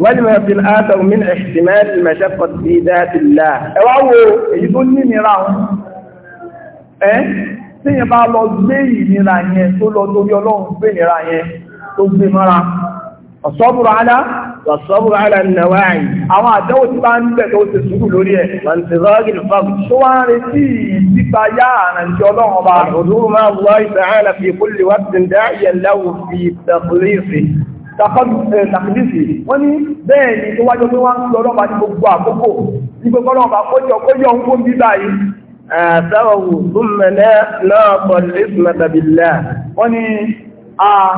wọ́n fi látàrí mí ẹ̀sìmẹ́lì mẹ́ṣẹ́kọ̀ sí dáàtì láà ẹ wá wo èyí tó ní ìnira wọn ẹ́ tí yẹn bá lọ gbé ìnira yẹn tó lọ torí ọlọ́run gbé ìnira yẹn tó gbé mọ́ra ọ̀sọ́bùrù alá ọ̀sọ́bùrù alá nàwáyì àwọn àdánwò tí bá ń bẹ̀ tó ti sùúrù lórí ẹ̀ mọ̀ntìrọ́gìlì fáwọn tó wá ń retí títa yá àrànjẹ́ ọlọ́run ọba òdúrú máa wọ́ ìtàhálà fi kúlè wá ti dá ìyẹ̀láwò fi tàkìlìsì wọ́n ní bẹ́ẹ̀ ni tó wájọ́ pé wọ́n ń lọ lọ́ba ní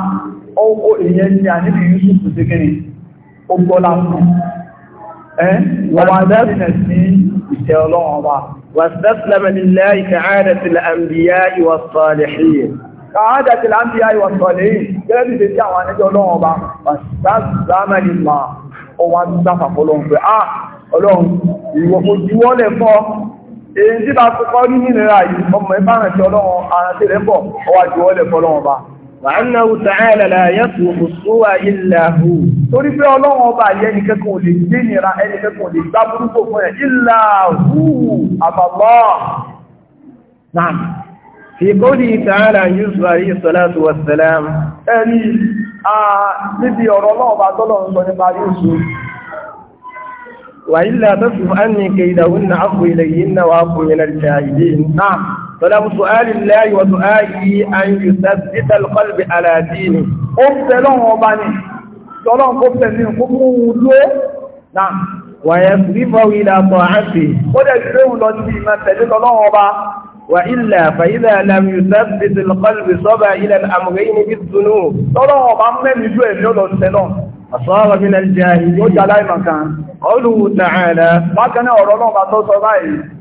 gbogbo ọkọ̀ ìyẹn ni àníbì Yusuf ti kiri ó gbọ́lá fún ẹ́ wàdẹ́sìnà sí ìtẹ́ ọlọ́run ọba واستسلم لله كعادة الأنبياء والصالحين كعادة الأنبياء والصالحين كذلك تتعوى نجو wàhánàwó tààlà láyẹ́kù òṣùwà ìlàhù torí pé ọlọ́run ọba yẹ ní kẹ́kọ̀ọ́ lè gbé nira ẹni kẹ́kọ̀ọ́ lè gbá burúkú fún ẹ̀ ìlàhù àbàbọ̀ náà fi kọ́lì tààlà yusuf alayhi salatu wa salam ẹni níbi ọ̀rọ̀ ọlọ́ọ̀bá tọ́lọ̀ طلب سؤال الله وسؤاله أن يثبت القلب على دينه أبتلون وباني تلون قبتلين قبولو نعم ويصرفه إلى طاعته ودجلون لدي ما تجد الله وإلا فإذا لم يثبت القلب صبى إلى الأمرين بالذنوب تلون وباني جوه جوه تلون أصاب من الجاهل وجلائي مكان قوله تعالى ما كان أولا ما تصبعي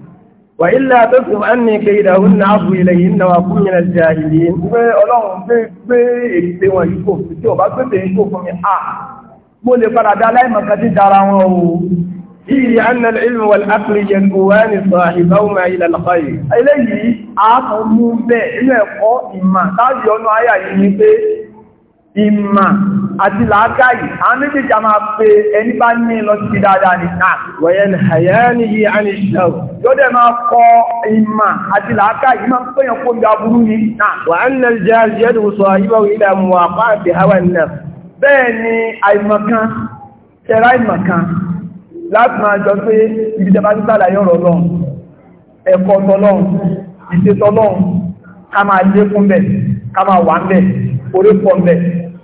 wàhílà tó fi wọ́n ní kí ìdáhùn náà bù ilẹ̀ yìí náà wà fún mi náà jẹ́ àìlè pé ọlọ́run gbé gbé èdè wọn yìí kò fi tí ò bá gbé bèé kò fún mi à mo lè padà dá aláìmọ̀kan tí dára wọn o yìí anna ilmu wal akli yẹn kò wá ní sọ àìbáwọmọ ilẹ̀ lọ́kọ̀ yìí eléyìí àápọ̀ mú bẹ́ẹ̀ inú ẹ̀kọ́ ìmọ̀ táyọ̀ ọ̀nà ayà yìí ni pé ìmà àti làákàyè àwọn méjèèjì a máa pe ẹni bá ní lọ sí dáadáa ní náà ah. wọ̀yẹn àyẹ́ni yìí a ní ṣẹ́rù yóò dẹ̀ máa kọ ìmà àti làákàyè máa ń pèyàn kó bí aburú ní náà wà á nílẹ̀ jẹ́ àjẹ́dù sọ ayíwá ilẹ̀ mọ̀ àpá àti hawa náà bẹ́ẹ̀ ni àìmọ̀kan tẹ̀rá ìmọ̀kan láti máa jọ pé ibi tẹ́ bá ti sàlàyé ọ̀rọ̀ lọ́n ẹ̀kọ́ tọ́lọ́n ìṣètọ́lọ́n ká máa lé fún bẹ̀ ká máa wà ń bẹ̀ orí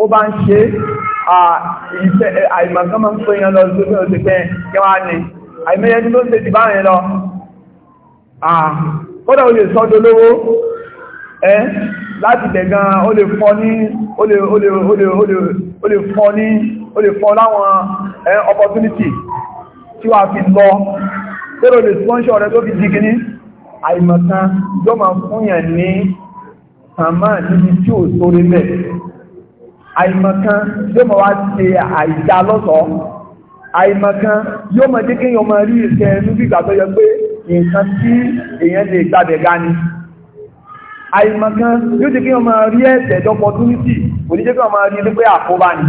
ó bá ń ṣe àìmọ̀kán máa ń pè yán lọ lórí oṣù pẹ́ kí wá ní àìmẹ́yẹ tí ó ń tètè báyìí lọ kódà ó lè sọ́dọ̀ lówó ẹ́ láti dẹ̀gan ó lè fọ́ ní ó lè fọ́ láwọn opportunity tí wà fi lọ tẹ́rọ lè sponsor rẹ tó fi jí kíní àìmọ̀kán yọ́ máa fún yàn ní àmà níbi tí ò sórí mẹ́rin àìmọ̀kan yóò mọ̀ wá ṣe àìdá lọ́sọ̀ọ́ àìmọ̀kan yóò mọ̀ jẹ́ kéèyàn mọ̀ rí ìṣẹ́ ẹnu bí ìgbà tó yẹ pé nǹkan tí èèyàn lè gbàbẹ̀ ga ni àìmọ̀kan yóò jẹ́ kéèyàn mọ̀ rí ẹ̀ṣẹ̀ opportunity kò ní jẹ́ kéèyàn mọ̀ rí pé àkóbá ni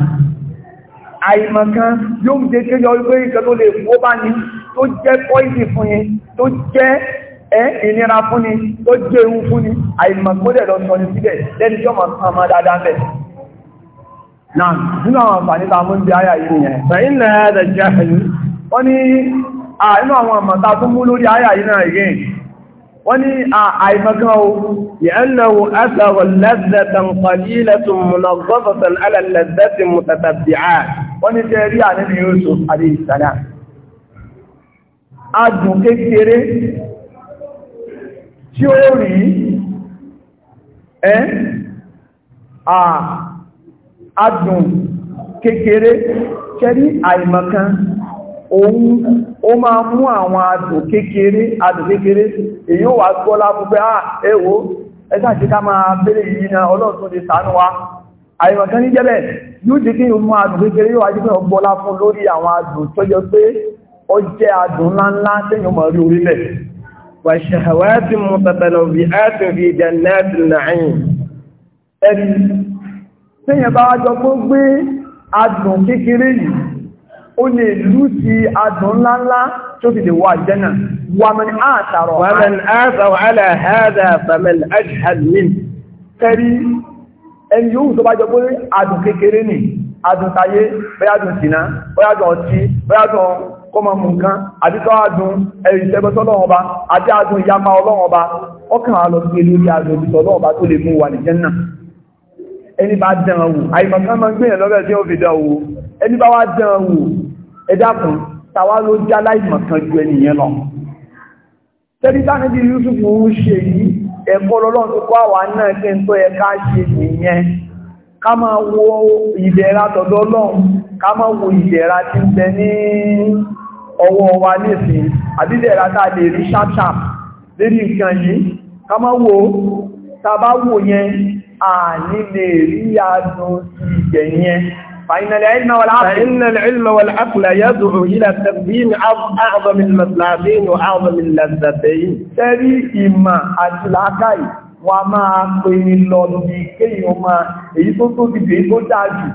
àìmọ̀kan yóò jẹ́ kéèyàn pé ìṣẹ́ tó lè kó bá ni tó jẹ́ pọ́ìsì fún yín tó jẹ́ ìnira fún ni tó jẹ́ ewu fún ni àìmọ̀kan lè lọ sọ ní síbẹ̀ lẹ́ni tí náà nínú àwọn àǹfààní tàà mún bí ayà yìí yẹn fẹ̀yìn náà ẹ̀dà jẹ́ ẹ̀yìn wọ́n ní àìnú àwọn àmàta tó mú lórí ayà yìí náà yìí wọ́n ní àìmọ̀kan o yẹ́nàwó ẹ́sàwọ̀ lẹ́zẹ̀tàn pàlílẹ̀tùn mùnàgọ́fẹ̀tàn alẹ́lẹ́zẹ̀tìn mùtàtàbíà wọ́n ní adùn kékeré ṣẹ́rí àìmọ̀kan òun ó máa mú àwọn adùn kékeré adùn kékeré èyí ó wà gbọ́ lábúgbé à ah, ẹwò ẹgbàtí ká máa bẹ́rẹ̀ yìí na ọlọ́tún lè sàánú wa àìmọ̀kan ní jẹ́bẹ̀ yóò jẹ́ kí mú adùn kékeré yóò wájú fún ọgbọ́lá fún lórí àwọn adùn tó jọ pé ó jẹ́ adùn ńláńlá tẹ́yìn mọ̀ rí orílẹ̀ wàṣàwátì tíyẹn bá jọ pé gbé adùn kékeré yìí ó lè lú sí adùn ńláńlá tó fi lè wà jẹ́nà wàmìn àtàrọ̀ wàmìn àtàrọ̀ aláhádà fàmìn àjìhàlmìn kẹrí ẹni yóò tó bá jọ pé adùn kékeré ni adùn tayé bẹ́yàdùn sínà bẹ́yàdùn ọtí bẹ́yàdùn kọmọ nǹkan àdíkọ́ adùn ẹ̀rì ìṣẹ́gbẹ́sọ́ àti adùn ìyapa ọlọ́wọ́ ọkàn àlọ́ sí ilé tó lè mú wà ní jẹ́nà ẹni bá dán wò àìmọ̀kan máa ń gbìyàn lọ́rẹ̀ tí ó fi dán wò ẹni bá wá dán wò ẹ dákun ló já láìmọ̀kan ju ẹnìyẹn lọ tẹ́lí tánàbí Yusuf ń ṣe yìí ẹ̀kọ́ lọ́lọ́run tó kọ́ àwa náà kí n tó yẹ ká ṣe nìyẹn ká máa wo ìdẹ̀ra tọ̀dọ̀ Ọlọ́run ká máa wo ìdẹ̀ra a lè rí ṣáṣà lérí nǹkan yìí ká máa wo tá a bá wò yẹn àní lè rí adùn ìgbẹ̀yẹn فإن العلم والعقل فإن العلم والعقل يدعو إلى تقديم أعظم المصلحتين وأعظم اللذتين تري إما أتلاقي وما أقل لنبي كيما إيسوسو تبيتو تاجي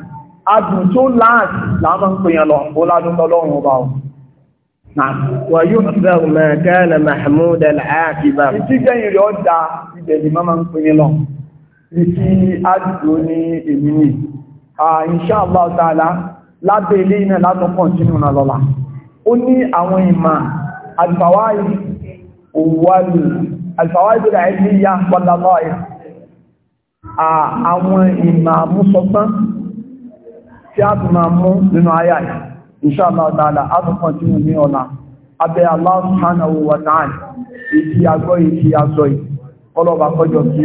adùn tó láàájì láàmà ń pèèyàn lọ oládùn lọ́lọ́run ọba ọ̀. ويحذر ما كان محمود العاقبة. Ìtíjẹ́ ìrẹ́ ọjà ìbẹ̀lì máa ń pèèyàn lọ ìfí àdìdò ní èmì ní insha Allah ta'ala lábẹ́ ilé iná látọ́kàn sínú na lọ́la ó ní àwọn ìmà alfawáì òwúwálù alfawáì tó dà ẹgbẹ́ ìyá pọ́lábáì a tún máa mú nínú ayà insha Allah ta'ala látọ́kàn sínú ní ọ̀la abẹ́ Allah subhanahu wa ta'ala ìfí àgbọ́ ìfí àzọ́ ọlọ́ba kọjọ kí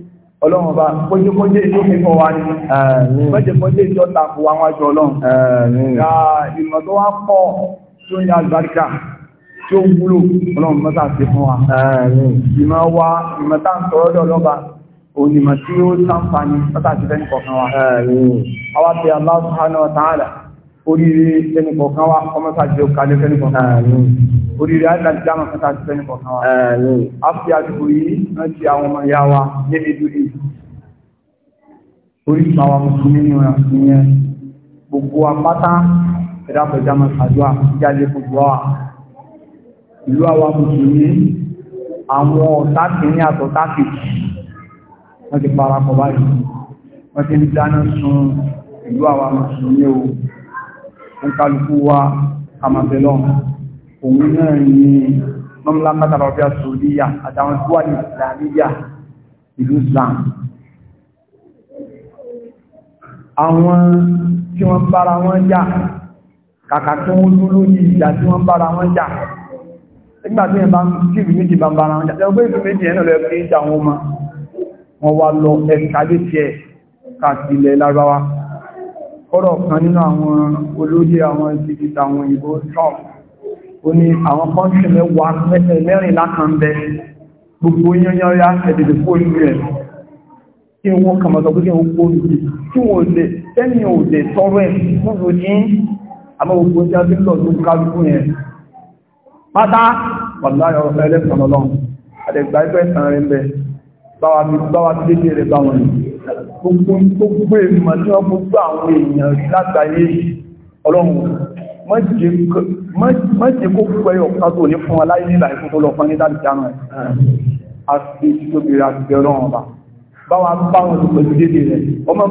ọlọ́run bá kójúkójú tó fi kọ́ wa ní mẹ́jẹ̀kójú tó tako àwọn àjọ ọlọ́run ya ìmọ̀ tó wá pọ̀ tó ń ya àlùbáríkà tí ó wúlò ọlọ́run mẹ́ta sí fún wa ìmọ̀ wa ìmọ̀ tá ń sọ̀rọ̀ dọ̀ lọ́ba òyìnbó tí ó sáǹfààní mẹ́ta sí fẹ́ ń kọ̀ọ̀kan wa. àwa bí Allah subhanahu wa oríire ẹnìkọ̀ọ̀kan wa kọ́mọ́sá jẹ́ òkàlẹ́ fẹ́nìkọ̀ọ̀kan oríire alàjámọ̀ fẹ́ta ti fẹ́nìkọ̀ọ̀kan wa a fi àdúgbò yìí rántí àwọn ọmọ ìyá wa níbi dúdú orísun àwọn mùsùlùmí ní ọ̀nà ìyẹn gbogbo apáta ẹ̀dàpẹ̀jámọ̀ sàdúà jáde gbogbo wa ìlú àwọn mùsùlùmí àwọn ọ̀tá kìíní àtọ̀tá kejì wọ́n ti parapọ̀ báyìí wọ́n ti ń dáná sun ìlú àwọn mùsùlùmí o nkálukú wa àmàbẹ̀lọ́ òun náà ni mọ́mílá pátábàbíà sòdíyà àtàwọn tó wà ní ìsìlámíyà ìlú islam àwọn tí wọ́n bára wọn jà kàkà tó ń lú lórí ìjà tí wọ́n bára wọn jà nígbàtí ẹ̀bá tí ìlú méjì bá ń bára wọn jà ẹgbẹ́ ìlú méjì ẹ̀nà lọ ẹgbẹ́ ìjà wọn wọ́n wá lọ ẹ̀kàdé tiẹ̀ káàkiri ilẹ̀ lárúbáwá ọ̀rọ̀ kan nínú àwọn olóyè àwọn ìdíjì àwọn ìbò trump ó ni àwọn kọ́ńtì mẹ́wàá mẹ́rin lákan bẹ gbogbo yányán yá ẹ̀dẹ̀dẹ̀ fóònù rẹ̀ tí wọ́n kà máa sọ pé kí wọ́n kó lùdí tí wọ́n lè tẹ́yìn ò lè tọrọ ẹ̀ fún lòdí àmọ́ gbogbo tí a ti lọ báwa ti dédé rẹ̀ báwọn yìí gbogbo tó gbé ìmọ̀ ní ọgbogbo àwọn èèyàn látàyé ọlọ́run mọ́jẹ kó pẹ́ ọ̀pá tó ní fún aláyé nílà ìfún tó lọ fún ní dájú jámọ̀ ẹ̀ àti tóbi àti ọlọ́run ọba báwọn báwọn pẹ̀lú dédé rẹ̀ ọmọ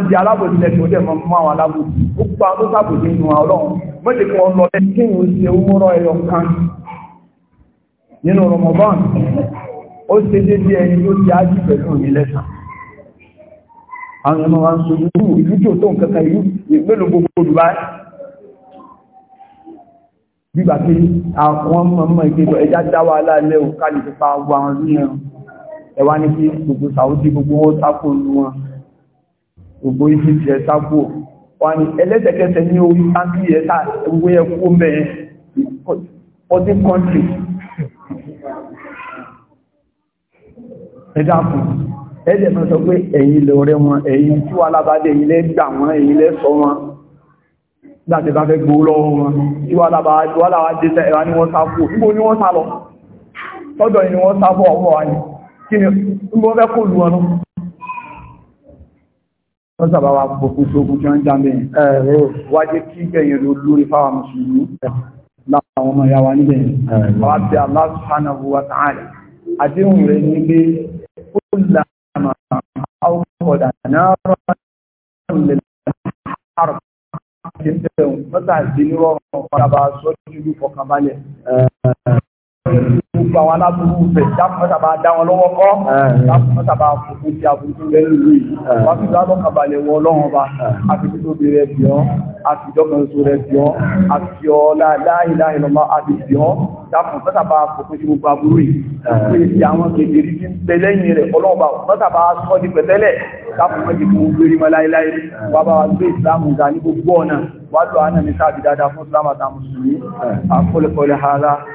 ń di alábòsí ẹni ó dẹ̀ mọ́ mọ́ àwọn alábòsí ó gba tó sábòsí nù ọlọ́run mọ́jẹ kó lọ ẹ kí ni ó ṣe ó mọ́rọ̀ ẹyọ kan nínú Ramadan ó ṣe dédé ẹni tó ti ájú pẹ̀lú ìlẹ́sàn àwọn ẹmọ wa ń so ìlú ìlú tí ó tó nǹkan kan ìlú mélòó gbogbo olùbá gbígbà pé àwọn ọmọ ìgbésọ ẹja dá wa láàlẹ́ ò lè fi pa gbogbo ní ẹran ẹwà ní kí gbogbo sàúdí gbogbo wọn sápò lù wọn gbogbo ibi tí ẹ sápò wà ní ẹlẹ́sẹ̀kẹsẹ̀ ní orí sáńkì ẹ̀ta gbogbo yẹ kó mẹ́rin 14 countries ẹ̀dá fún ẹ̀dẹ̀ máa sọ pé ẹ̀yin lè ọ̀rẹ́ wọn ẹ̀yin tí wà lábádé ẹ̀yin lẹ́ gbà wọn ẹ̀yin lẹ́ sọ wọn láti bá fẹ́ gbó lọ́wọ́ wọn tí wà lábádé ẹ̀wà ní wọ́n sáfò níbo ni wọ́n sá lọ tọ́jọ́ ni wọ́n sáfò ọwọ́ wa ni kí ni níbo fẹ́ kó lu ọnu wọ́n sábà wà gbogbo gbogbo tí wọ́n já mi wájé kí kẹyìn ló lórí fáwọn mùsùlùmí láwọn ọmọ ìyá wa níbẹ̀ wọ́n á ti Allah subhanahu wa ta'ala àdéhùn rẹ̀ ní pé ó là أو مخدا نارا للحرب mọ́tà sí nírọ̀rùn padà bá sọ́jú ìlú fọkànbalẹ̀ gbogbo àwọn aláburú bẹ̀ dákúmọ́ta bá dá wọn lọ́wọ́ kọ́ dákúmọ́ta bá fòkó sí àbúrú lẹ́nu rí wọ́n fi lọ́dọ̀ kàbalẹ̀ wọ ọlọ́run bá àfijọ́ tóbi rẹ̀ fi ọ́ àfijọ́ kan so rẹ̀ fi ọ́ àfijọ́ láìláì lọ́mọ àfijọ́ dákúmọ́ta bá fòkó sí gbogbo àbúrú yìí pé ti àwọn kékeré ti ń bẹ lẹ́yìn rẹ̀ ọlọ́run bá mọ́ta bá sọ́ di pẹ̀tẹ́lẹ̀ dákúmọ́ta kò gbérí mọ́ láìláì wà bá wa gbé ìsìlámù ga ní gbogbo ọ̀nà wàá lọ àánà ní sáàbì dáadáa fún ìsìlámù àtàmùsùn yìí àkólẹ̀kọ́lẹ̀ hàrá